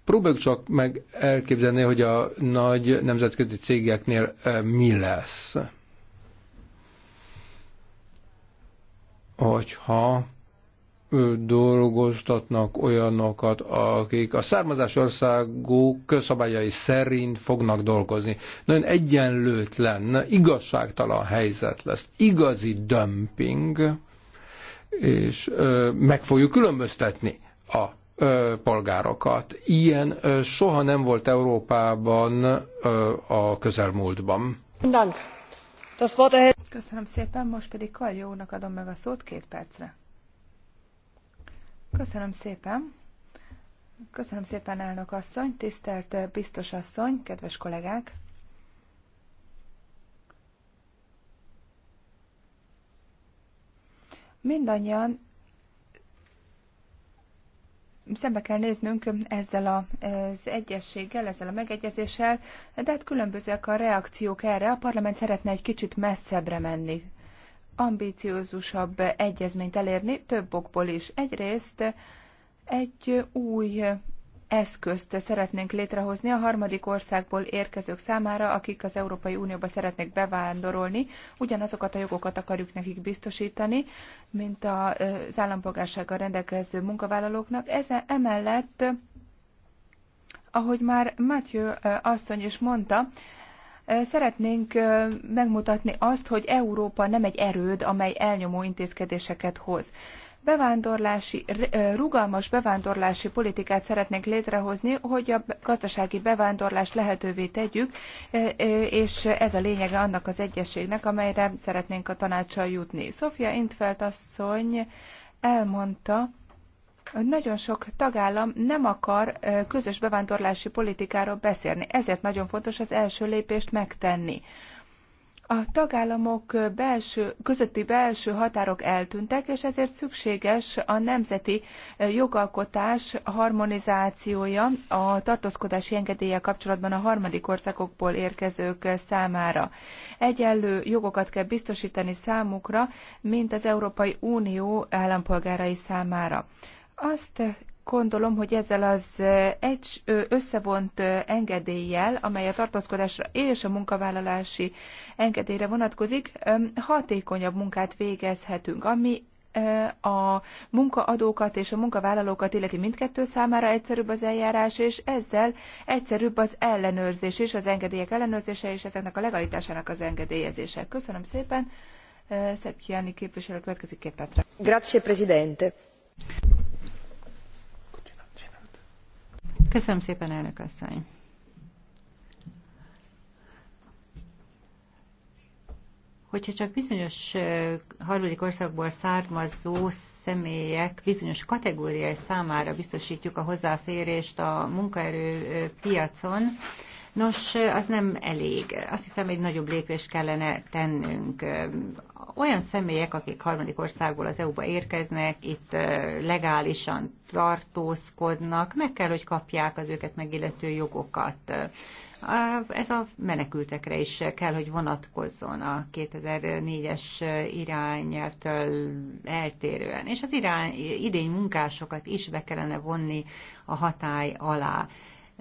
Próbáljuk csak meg elképzelni, hogy a nagy nemzetközi cégeknél mi lesz. Hogyha dolgoztatnak olyanokat, akik a származás országok közszabályai szerint fognak dolgozni. Nagyon egyenlőtlen, igazságtalan helyzet lesz, igazi dömping és meg fogjuk különböztetni a polgárokat. Ilyen soha nem volt Európában a közelmúltban. Köszönöm szépen, most pedig Kaljónak adom meg a szót két percre. Köszönöm szépen. Köszönöm szépen, elnök asszony, tisztelt biztos asszony, kedves kollégák! Mindannyian szembe kell néznünk ezzel az egyességgel, ezzel a megegyezéssel, de hát különbözőek a reakciók erre. A parlament szeretne egy kicsit messzebbre menni, ambíciózusabb egyezményt elérni, több okból is. Egyrészt egy új eszközt szeretnénk létrehozni a harmadik országból érkezők számára, akik az Európai Unióba szeretnék bevándorolni. Ugyanazokat a jogokat akarjuk nekik biztosítani, mint az állampolgársággal rendelkező munkavállalóknak. Ezen emellett, ahogy már Mathieu asszony is mondta, Szeretnénk megmutatni azt, hogy Európa nem egy erőd, amely elnyomó intézkedéseket hoz bevándorlási, rugalmas bevándorlási politikát szeretnénk létrehozni, hogy a gazdasági bevándorlást lehetővé tegyük, és ez a lényege annak az egyességnek, amelyre szeretnénk a tanácssal jutni. Sofia Intfeld asszony elmondta, nagyon sok tagállam nem akar közös bevándorlási politikáról beszélni, ezért nagyon fontos az első lépést megtenni. A tagállamok belső, közötti belső határok eltűntek, és ezért szükséges a nemzeti jogalkotás harmonizációja a tartózkodási engedélye kapcsolatban a harmadik országokból érkezők számára. Egyenlő jogokat kell biztosítani számukra, mint az Európai Unió állampolgárai számára. Azt gondolom, hogy ezzel az egy összevont engedéllyel, amely a tartózkodásra és a munkavállalási engedélyre vonatkozik, hatékonyabb munkát végezhetünk, ami a munkaadókat és a munkavállalókat illeti mindkettő számára egyszerűbb az eljárás, és ezzel egyszerűbb az ellenőrzés is, az engedélyek ellenőrzése és ezeknek a legalitásának az engedélyezése. Köszönöm szépen. Szebb Kiáni képviselő következik két percre. Grazie, Presidente. Köszönöm szépen, elnök asszony. Hogyha csak bizonyos harmadik országból származó személyek bizonyos kategóriai számára biztosítjuk a hozzáférést a munkaerőpiacon, Nos, az nem elég. Azt hiszem, egy nagyobb lépést kellene tennünk. Olyan személyek, akik harmadik országból az EU-ba érkeznek, itt legálisan tartózkodnak, meg kell, hogy kapják az őket megillető jogokat. Ez a menekültekre is kell, hogy vonatkozzon a 2004-es irányelvtől eltérően. És az irány, idény munkásokat is be kellene vonni a hatály alá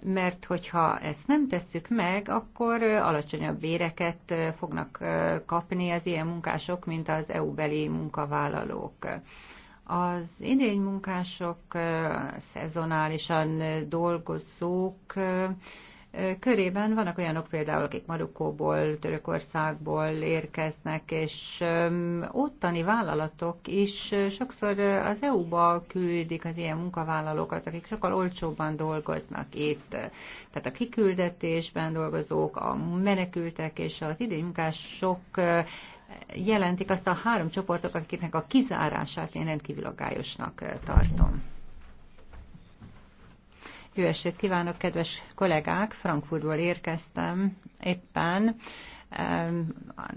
mert hogyha ezt nem tesszük meg, akkor alacsonyabb béreket fognak kapni az ilyen munkások, mint az EU-beli munkavállalók. Az idény munkások, szezonálisan dolgozók körében vannak olyanok például, akik Marokkóból, Törökországból érkeznek, és ottani vállalatok is sokszor az EU-ba küldik az ilyen munkavállalókat, akik sokkal olcsóbban dolgoznak itt. Tehát a kiküldetésben dolgozók, a menekültek és az munkások jelentik azt a három csoportot, akiknek a kizárását én rendkívül aggályosnak tartom. Jó estét kívánok, kedves kollégák! Frankfurtból érkeztem éppen.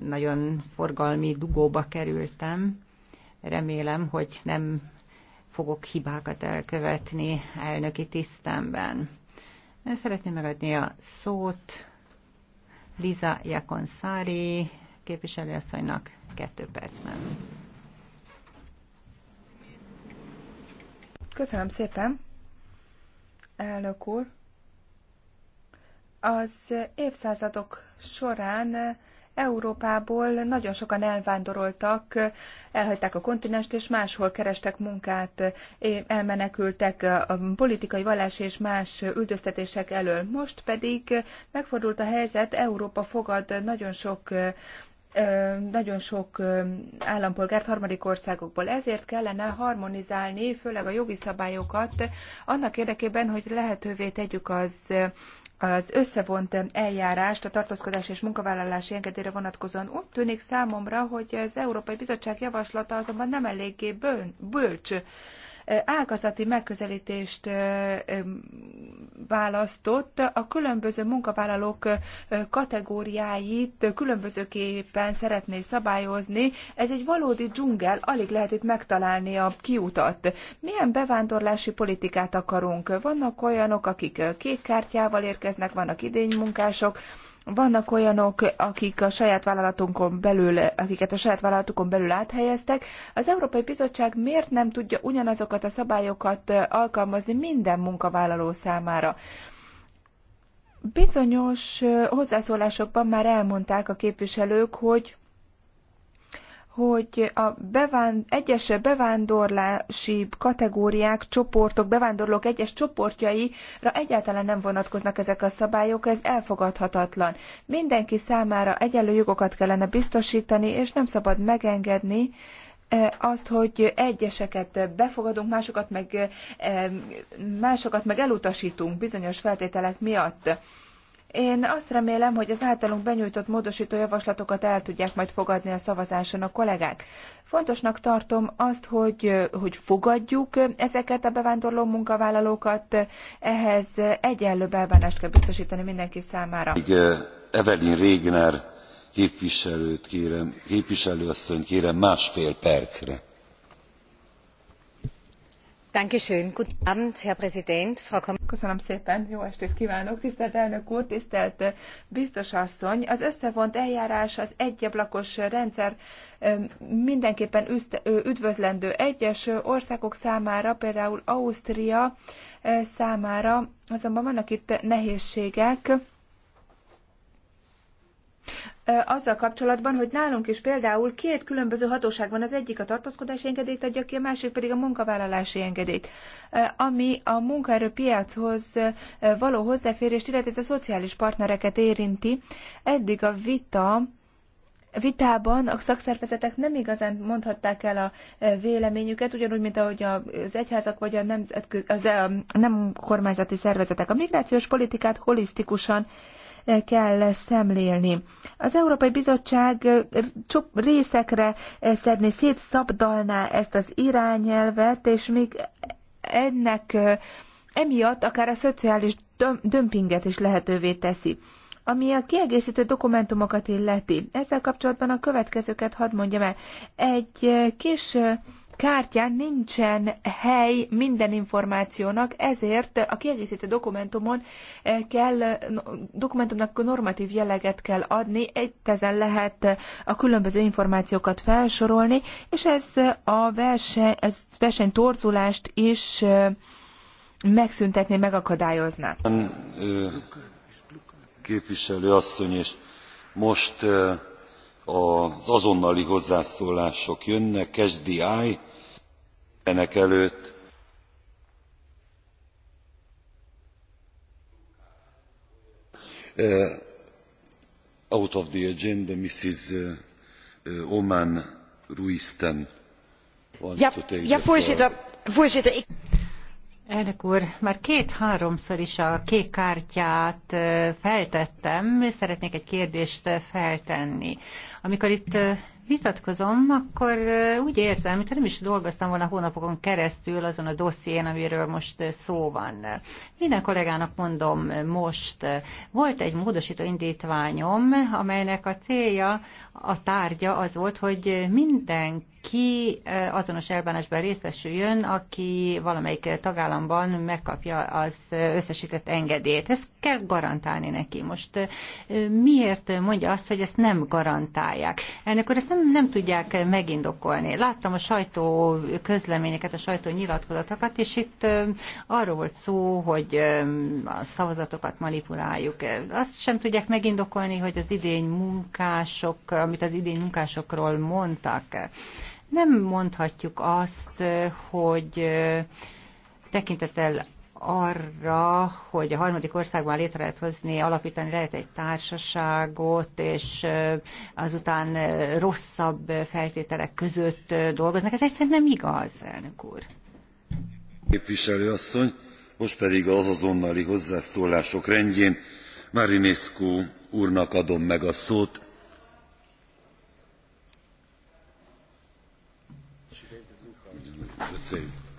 Nagyon forgalmi dugóba kerültem. Remélem, hogy nem fogok hibákat elkövetni elnöki tisztemben. Szeretném megadni a szót Liza Jakonszári képviselőasszonynak kettő percben. Köszönöm szépen! elnök úr. Az évszázadok során Európából nagyon sokan elvándoroltak, elhagyták a kontinest, és máshol kerestek munkát, elmenekültek a politikai, vallás és más üldöztetések elől. Most pedig megfordult a helyzet, Európa fogad nagyon sok nagyon sok állampolgárt harmadik országokból. Ezért kellene harmonizálni, főleg a jogi szabályokat, annak érdekében, hogy lehetővé tegyük az az összevont eljárást a tartózkodás és munkavállalási engedélyre vonatkozóan úgy tűnik számomra, hogy az Európai Bizottság javaslata azonban nem eléggé bölcs ágazati megközelítést választott, a különböző munkavállalók kategóriáit különbözőképpen szeretné szabályozni. Ez egy valódi dzsungel, alig lehet itt megtalálni a kiutat. Milyen bevándorlási politikát akarunk? Vannak olyanok, akik kék kártyával érkeznek, vannak idénymunkások, vannak olyanok, akik a saját vállalatunkon belül, akiket a saját vállalatukon belül áthelyeztek. Az Európai Bizottság miért nem tudja ugyanazokat a szabályokat alkalmazni minden munkavállaló számára? Bizonyos hozzászólásokban már elmondták a képviselők, hogy hogy a bevánd, egyes bevándorlási kategóriák, csoportok, bevándorlók egyes csoportjaira egyáltalán nem vonatkoznak ezek a szabályok, ez elfogadhatatlan. Mindenki számára egyenlő jogokat kellene biztosítani, és nem szabad megengedni, eh, azt, hogy egyeseket befogadunk, másokat meg, eh, másokat meg elutasítunk bizonyos feltételek miatt. Én azt remélem, hogy az általunk benyújtott módosító javaslatokat el tudják majd fogadni a szavazáson a kollégák. Fontosnak tartom azt, hogy, hogy fogadjuk ezeket a bevándorló munkavállalókat, ehhez egyenlő belbánást kell biztosítani mindenki számára. Eh, Evelyn Régner képviselőt kérem, képviselőasszony kérem másfél percre. Köszönöm szépen, jó estét kívánok, tisztelt elnök úr, tisztelt biztos asszony. Az összevont eljárás, az egyablakos rendszer mindenképpen üdvözlendő. Egyes országok számára, például Ausztria számára, azonban vannak itt nehézségek azzal kapcsolatban, hogy nálunk is például két különböző hatóság van, az egyik a tartózkodási engedélyt adja ki, a másik pedig a munkavállalási engedélyt, ami a munkaerőpiachoz való hozzáférést, illetve ez a szociális partnereket érinti. Eddig a vita vitában a szakszervezetek nem igazán mondhatták el a véleményüket, ugyanúgy, mint ahogy az egyházak vagy a, nem, az, a nem kormányzati szervezetek. A migrációs politikát holisztikusan kell szemlélni. Az Európai Bizottság részekre szedni, szétszabdalná ezt az irányelvet, és még ennek emiatt akár a szociális dömpinget is lehetővé teszi. Ami a kiegészítő dokumentumokat illeti, ezzel kapcsolatban a következőket hadd mondjam el. Egy kis kártyán nincsen hely minden információnak, ezért a kiegészítő dokumentumon eh, kell, dokumentumnak normatív jelleget kell adni, egy ezen lehet a különböző információkat felsorolni, és ez a verseny, ez versenytorzulást is eh, megszüntetni, megakadályozná. Képviselő asszony, és most az azonnali hozzászólások jönnek, SDI, mindenekelőtt uh, out of the agenda mrs oomen ruijten voorzitter ik. Elnök úr, már két-háromszor is a kék kártyát uh, feltettem, szeretnék egy kérdést uh, feltenni. Amikor itt vitatkozom, akkor úgy érzem, mintha nem is dolgoztam volna hónapokon keresztül azon a dosszién, amiről most szó van. Minden kollégának mondom most, volt egy módosító indítványom, amelynek a célja, a tárgya az volt, hogy mindenki ki azonos elbánásban részesüljön, aki valamelyik tagállamban megkapja az összesített engedélyt. Ezt kell garantálni neki. Most miért mondja azt, hogy ezt nem garantálják? Ennek ezt nem, nem tudják megindokolni. Láttam a sajtó közleményeket, a sajtó nyilatkozatokat, és itt arról volt szó, hogy a szavazatokat manipuláljuk. Azt sem tudják megindokolni, hogy az idény munkások, amit az idény munkásokról mondtak, nem mondhatjuk azt, hogy tekintettel arra, hogy a harmadik országban létre lehet hozni, alapítani lehet egy társaságot, és azután rosszabb feltételek között dolgoznak. Ez egyszerűen nem igaz, elnök úr. Képviselőasszony, most pedig az azonnali hozzászólások rendjén Marinescu úrnak adom meg a szót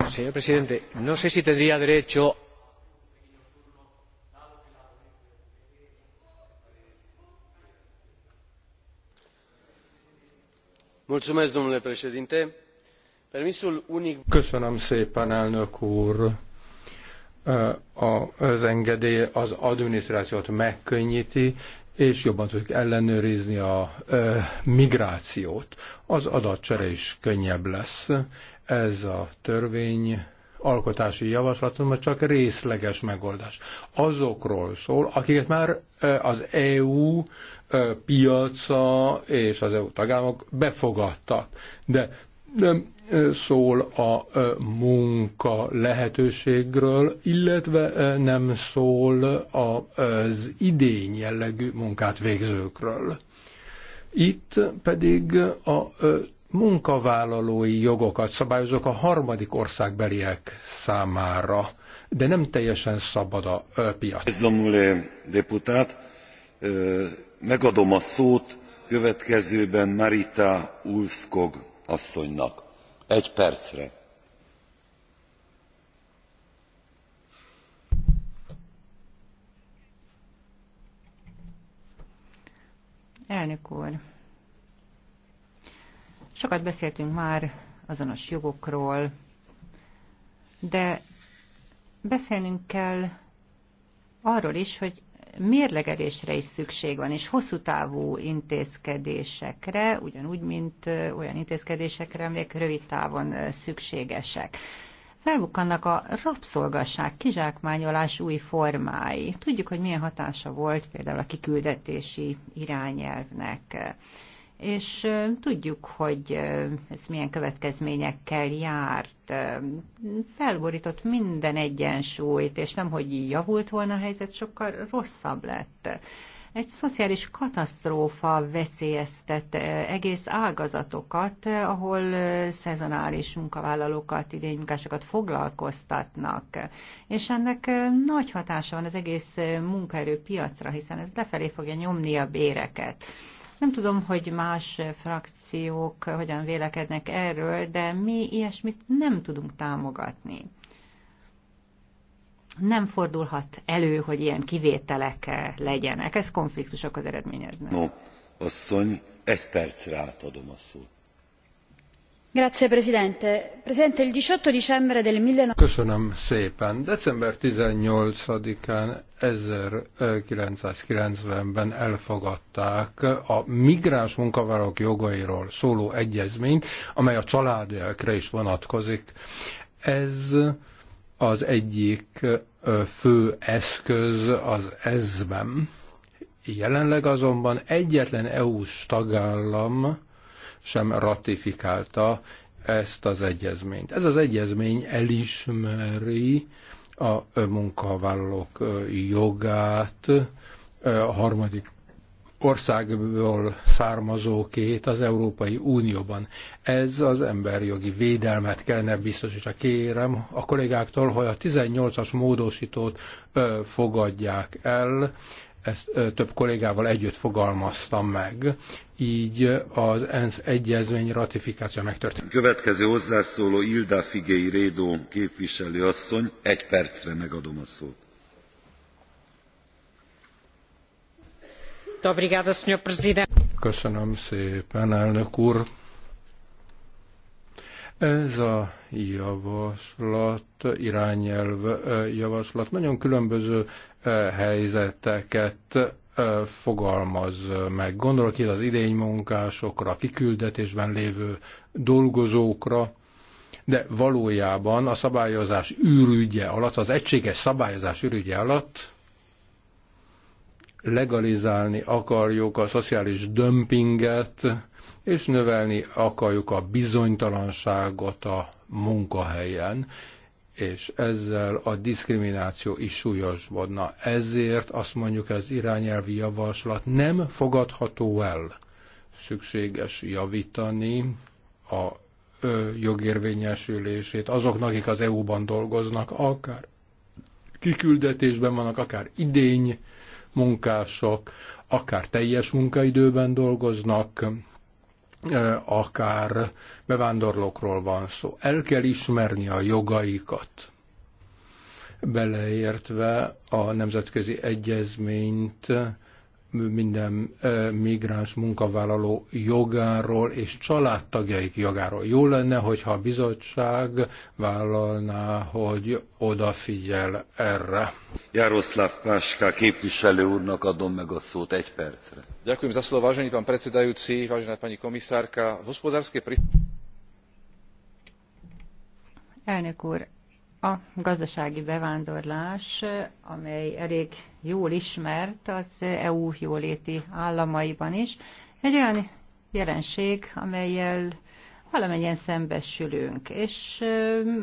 señor presidente no sé si tendría derecho köszönöm szépen elnök úr az engedély az adminisztrációt megkönnyti megkönnyíti és jobban tudjuk ellenőrizni a ö, migrációt. Az adatcsere is könnyebb lesz. Ez a törvény alkotási javaslatom, csak részleges megoldás. Azokról szól, akiket már az EU piaca és az EU tagállamok befogadtak. De nem szól a munka lehetőségről, illetve nem szól az idény jellegű munkát végzőkről. Itt pedig a munkavállalói jogokat szabályozok a harmadik országbeliek számára, de nem teljesen szabad a piac. Domnule deputát, megadom a szót következőben Marita Ulfskog asszonynak. Egy percre. Elnök úr, sokat beszéltünk már azonos jogokról, de beszélnünk kell arról is, hogy mérlegelésre is szükség van, és hosszú távú intézkedésekre, ugyanúgy, mint olyan intézkedésekre, amelyek rövid távon szükségesek. Felbukkannak a rabszolgasság, kizsákmányolás új formái. Tudjuk, hogy milyen hatása volt például a kiküldetési irányelvnek és tudjuk, hogy ez milyen következményekkel járt. Felborított minden egyensúlyt, és nem, hogy javult volna a helyzet, sokkal rosszabb lett. Egy szociális katasztrófa veszélyeztet egész ágazatokat, ahol szezonális munkavállalókat, idénymunkásokat foglalkoztatnak. És ennek nagy hatása van az egész munkaerőpiacra, hiszen ez lefelé fogja nyomni a béreket. Nem tudom, hogy más frakciók hogyan vélekednek erről, de mi ilyesmit nem tudunk támogatni. Nem fordulhat elő, hogy ilyen kivételek legyenek. Ez konfliktusokat eredményezne. No, asszony, egy percre átadom a szót. Köszönöm szépen. December 18-án ninety ben elfogadták a migráns munkavállalók jogairól szóló egyezményt, amely a családjakra is vonatkozik. Ez az egyik fő eszköz az ben. Jelenleg azonban egyetlen EU-s tagállam sem ratifikálta ezt az egyezményt. Ez az egyezmény elismeri a munkavállalók jogát a harmadik országból származókét az Európai Unióban. Ez az emberjogi védelmet kellene biztosítsa. Kérem a kollégáktól, hogy a 18-as módosítót fogadják el. Ezt több kollégával együtt fogalmaztam meg így az ENSZ egyezmény ratifikáció megtörtént. Következő hozzászóló Ilda Figei Rédó képviselő asszony, egy percre megadom a szót. Köszönöm szépen, elnök úr. Ez a javaslat, irányelv javaslat nagyon különböző helyzeteket fogalmaz meg. Gondolok itt az idénymunkásokra, kiküldetésben lévő dolgozókra, de valójában a szabályozás űrügye alatt, az egységes szabályozás űrügye alatt legalizálni akarjuk a szociális dömpinget, és növelni akarjuk a bizonytalanságot a munkahelyen, és ezzel a diszkrimináció is súlyosbodna. Ezért azt mondjuk, az irányelvi javaslat nem fogadható el. Szükséges javítani a ö, jogérvényesülését azoknak, akik az EU-ban dolgoznak, akár kiküldetésben vannak, akár idény munkások, akár teljes munkaidőben dolgoznak, akár bevándorlókról van szó. El kell ismerni a jogaikat, beleértve a nemzetközi egyezményt, minden migráns munkavállaló jogáról és családtagjaik jogáról. Jó lenne, hogyha a bizottság vállalná, hogy odafigyel erre. Jaroszláv Páska képviselő úrnak adom meg a szót egy percre. Ďakujem za slovo, vážený pán predsedajúci, vážená pani komisárka. Hospodárske pri... Elnök úr, a gazdasági bevándorlás, amely elég jól ismert az EU jóléti államaiban is, egy olyan jelenség, amelyel valamennyien szembesülünk, és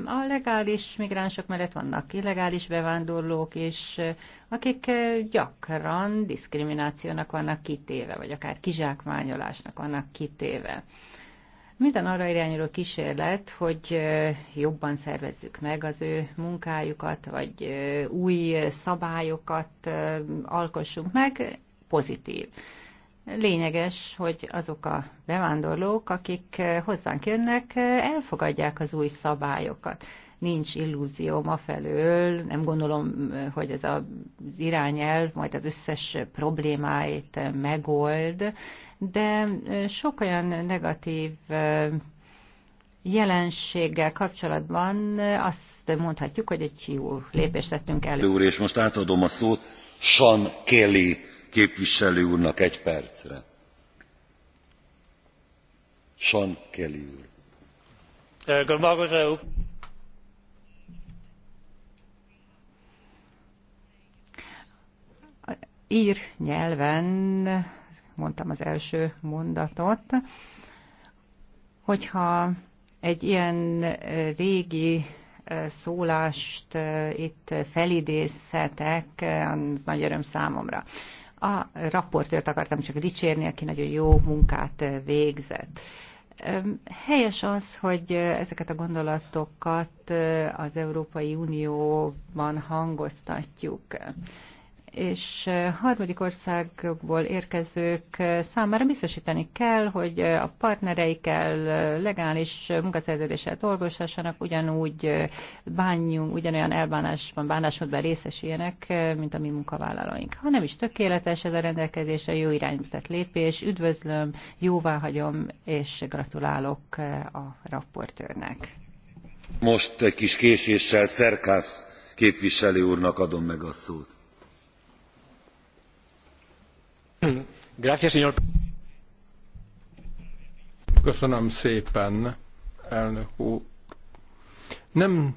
a legális migránsok mellett vannak illegális bevándorlók is, akik gyakran diszkriminációnak vannak kitéve, vagy akár kizsákmányolásnak vannak kitéve. Minden arra irányuló kísérlet, hogy jobban szervezzük meg az ő munkájukat, vagy új szabályokat alkossunk meg, pozitív. Lényeges, hogy azok a bevándorlók, akik hozzánk jönnek, elfogadják az új szabályokat nincs illúzióm afelől, nem gondolom, hogy ez az irányelv majd az összes problémáit megold, de sok olyan negatív jelenséggel kapcsolatban azt mondhatjuk, hogy egy jó lépést tettünk elő. Úr, és most átadom a szót Sean Kelly képviselő úrnak egy percre. Sean Kelly úr. Ír nyelven mondtam az első mondatot. Hogyha egy ilyen régi szólást itt felidézhetek, az nagy öröm számomra. A raportőrt akartam csak dicsérni, aki nagyon jó munkát végzett. Helyes az, hogy ezeket a gondolatokat az Európai Unióban hangoztatjuk és harmadik országokból érkezők számára biztosítani kell, hogy a partnereikkel legális munkaszerződéssel dolgozhassanak, ugyanúgy bánjunk, ugyanolyan elbánásban, bánásmódban részesüljenek, mint a mi munkavállalóink. Ha nem is tökéletes ez a rendelkezés, a jó irányba tett lépés, üdvözlöm, hagyom, és gratulálok a raportőrnek. Most egy kis késéssel Szerkász képviselő úrnak adom meg a szót. Köszönöm szépen, elnök úr. Nem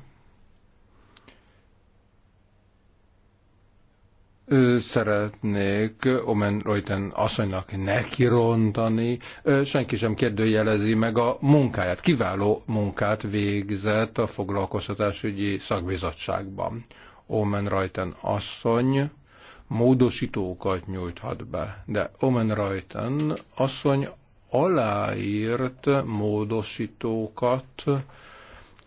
szeretnék Omen Reuten asszonynak nekirontani. Senki sem kérdőjelezi meg a munkáját. Kiváló munkát végzett a foglalkoztatásügyi szakbizottságban. Omen Reuten asszony módosítókat nyújthat be. De Omen Rajten asszony aláírt módosítókat,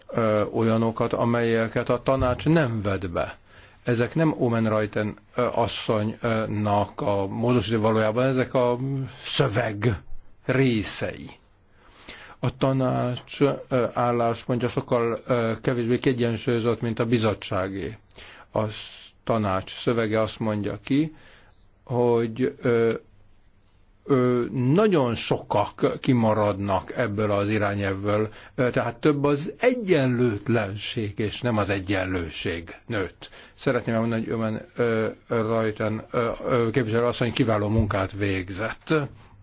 ö, olyanokat, amelyeket a tanács nem vett be. Ezek nem Omen Rajten asszonynak a módosító valójában, ezek a szöveg részei. A tanács álláspontja sokkal kevésbé kiegyensúlyozott, mint a bizottságé. Azt tanács szövege azt mondja ki, hogy ö, ö, nagyon sokak kimaradnak ebből az irányelvből, tehát több az egyenlőtlenség, és nem az egyenlőség nőtt. Szeretném elmondani, hogy Ömen ö, Rajten képviselő asszony kiváló munkát végzett.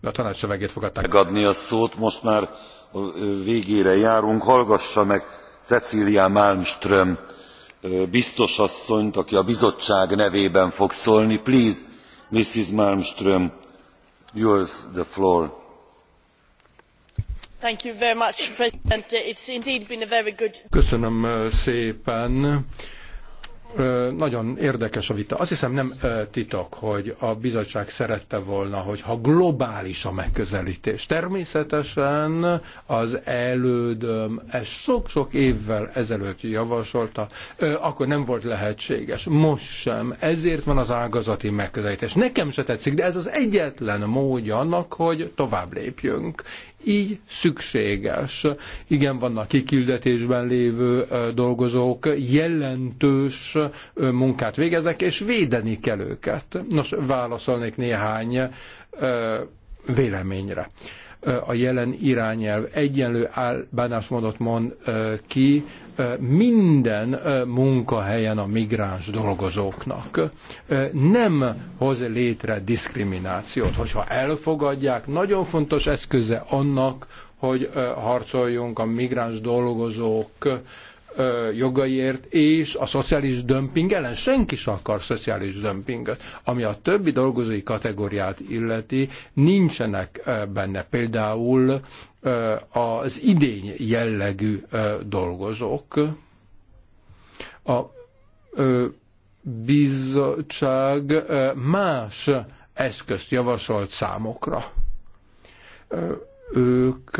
A tanács szövegét fogadták. Megadni a szót, most már végére járunk. Hallgassa meg Cecília Malmström biztos asszonyt aki a bizottság nevében fog szólni. please mrs malmström yours the floor. Much, Köszönöm szépen nagyon érdekes a vita. Azt hiszem nem titok, hogy a bizottság szerette volna, hogyha globális a megközelítés. Természetesen az elődöm ezt sok-sok évvel ezelőtt javasolta, akkor nem volt lehetséges. Most sem. Ezért van az ágazati megközelítés. Nekem se tetszik, de ez az egyetlen módja annak, hogy tovább lépjünk így szükséges. Igen, vannak kiküldetésben lévő dolgozók, jelentős munkát végeznek, és védeni kell őket. Nos, válaszolnék néhány véleményre a jelen irányelv egyenlő bánásmódot mond ki minden munkahelyen a migráns dolgozóknak. Nem hoz létre diszkriminációt. Hogyha elfogadják, nagyon fontos eszköze annak, hogy harcoljunk a migráns dolgozók jogaiért és a szociális dömping ellen. Senki sem akar szociális dömpinget. Ami a többi dolgozói kategóriát illeti, nincsenek benne például az idény jellegű dolgozók. A bizottság más eszközt javasolt számokra. Ők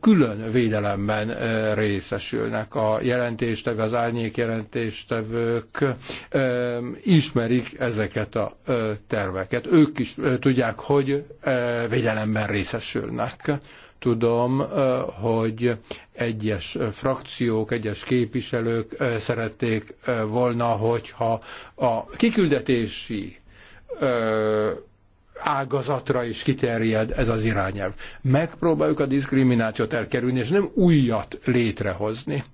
külön védelemben részesülnek. A jelentéstevő, az árnyék jelentéstevők ismerik ezeket a terveket. Ők is tudják, hogy védelemben részesülnek. Tudom, hogy egyes frakciók, egyes képviselők szerették volna, hogyha a kiküldetési ágazatra is kiterjed ez az irányelv. Megpróbáljuk a diszkriminációt elkerülni, és nem újat létrehozni.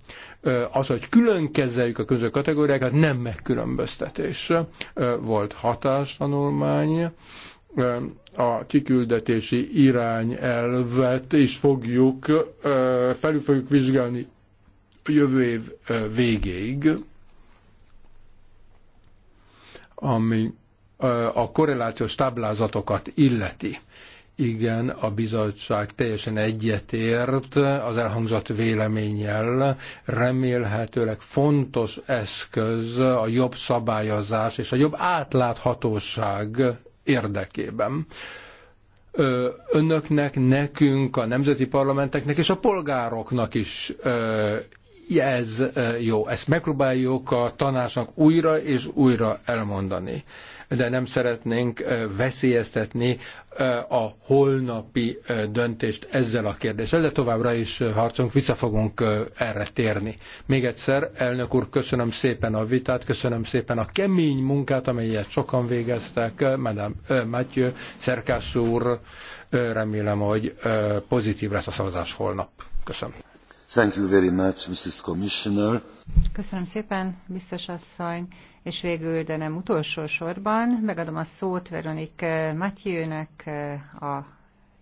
Az, hogy külön kezeljük a közök kategóriákat, nem megkülönböztetés. Volt hatástanulmány, a kiküldetési irányelvet is fogjuk, felül fogjuk vizsgálni jövő év végéig, ami a korrelációs táblázatokat illeti. Igen, a bizottság teljesen egyetért az elhangzott véleménnyel. Remélhetőleg fontos eszköz a jobb szabályozás és a jobb átláthatóság érdekében. Önöknek, nekünk, a nemzeti parlamenteknek és a polgároknak is ez jó. Ezt megpróbáljuk a tanácsnak újra és újra elmondani de nem szeretnénk veszélyeztetni a holnapi döntést ezzel a kérdéssel, de továbbra is harcolunk, vissza fogunk erre térni. Még egyszer, elnök úr, köszönöm szépen a vitát, köszönöm szépen a kemény munkát, amelyet sokan végeztek, Madame Mathieu, Szerkász úr, remélem, hogy pozitív lesz a szavazás holnap. Köszönöm. Thank you very much, Mrs. Commissioner. Köszönöm szépen, biztos asszony. És végül, de nem utolsó sorban, megadom a szót Veronik Matyőnek, a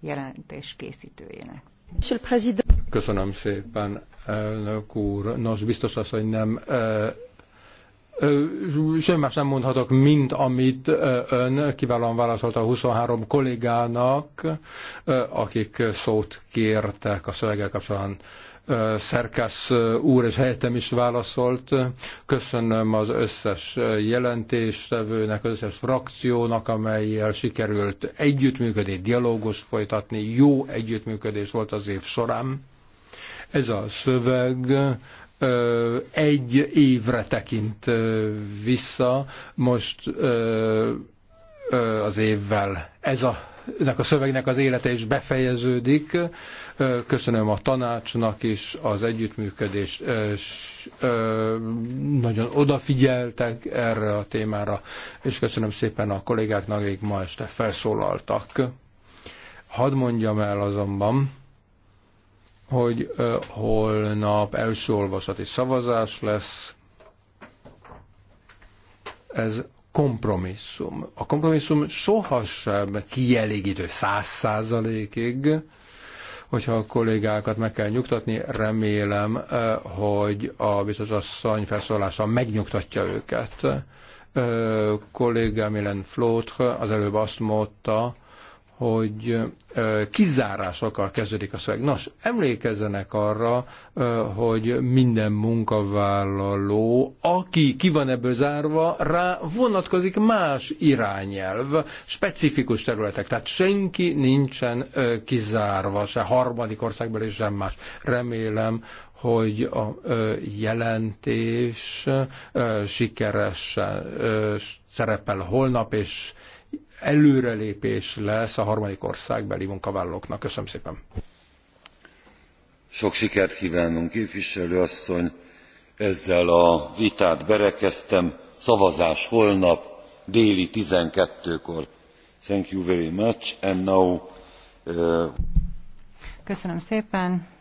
jelentés készítőjének. Köszönöm szépen, elnök úr. Nos, biztos az, hogy nem semmi más nem mondhatok, mint amit ön kiválóan válaszolta a 23 kollégának, akik szót kértek a szöveggel kapcsolatban szerkesz úr és helyettem is válaszolt. Köszönöm az összes jelentéstevőnek, az összes frakciónak, amelyel sikerült együttműködni, dialógus folytatni. Jó együttműködés volt az év során. Ez a szöveg egy évre tekint vissza, most az évvel. Ez a ennek a szövegnek az élete is befejeződik. Köszönöm a tanácsnak is az együttműködést. Nagyon odafigyeltek erre a témára, és köszönöm szépen a kollégáknak, akik ma este felszólaltak. Hadd mondjam el azonban, hogy holnap első olvasati szavazás lesz. Ez kompromisszum. A kompromisszum sohasem kielégítő száz százalékig, hogyha a kollégákat meg kell nyugtatni, remélem, eh, hogy a biztos asszony felszólása megnyugtatja őket. Eh, kollégám Milen Flótre az előbb azt mondta, hogy kizárásokkal kezdődik a szöveg. Nos, emlékezzenek arra, hogy minden munkavállaló, aki ki van ebből zárva, rá vonatkozik más irányelv, specifikus területek. Tehát senki nincsen kizárva, se harmadik országból és sem más. Remélem, hogy a jelentés sikeresen szerepel holnap, és előrelépés lesz a harmadik országbeli munkavállalóknak. Köszönöm szépen. Sok sikert kívánunk, képviselő asszony. Ezzel a vitát berekeztem. Szavazás holnap déli 12-kor. Thank you very much. And now, uh... Köszönöm szépen.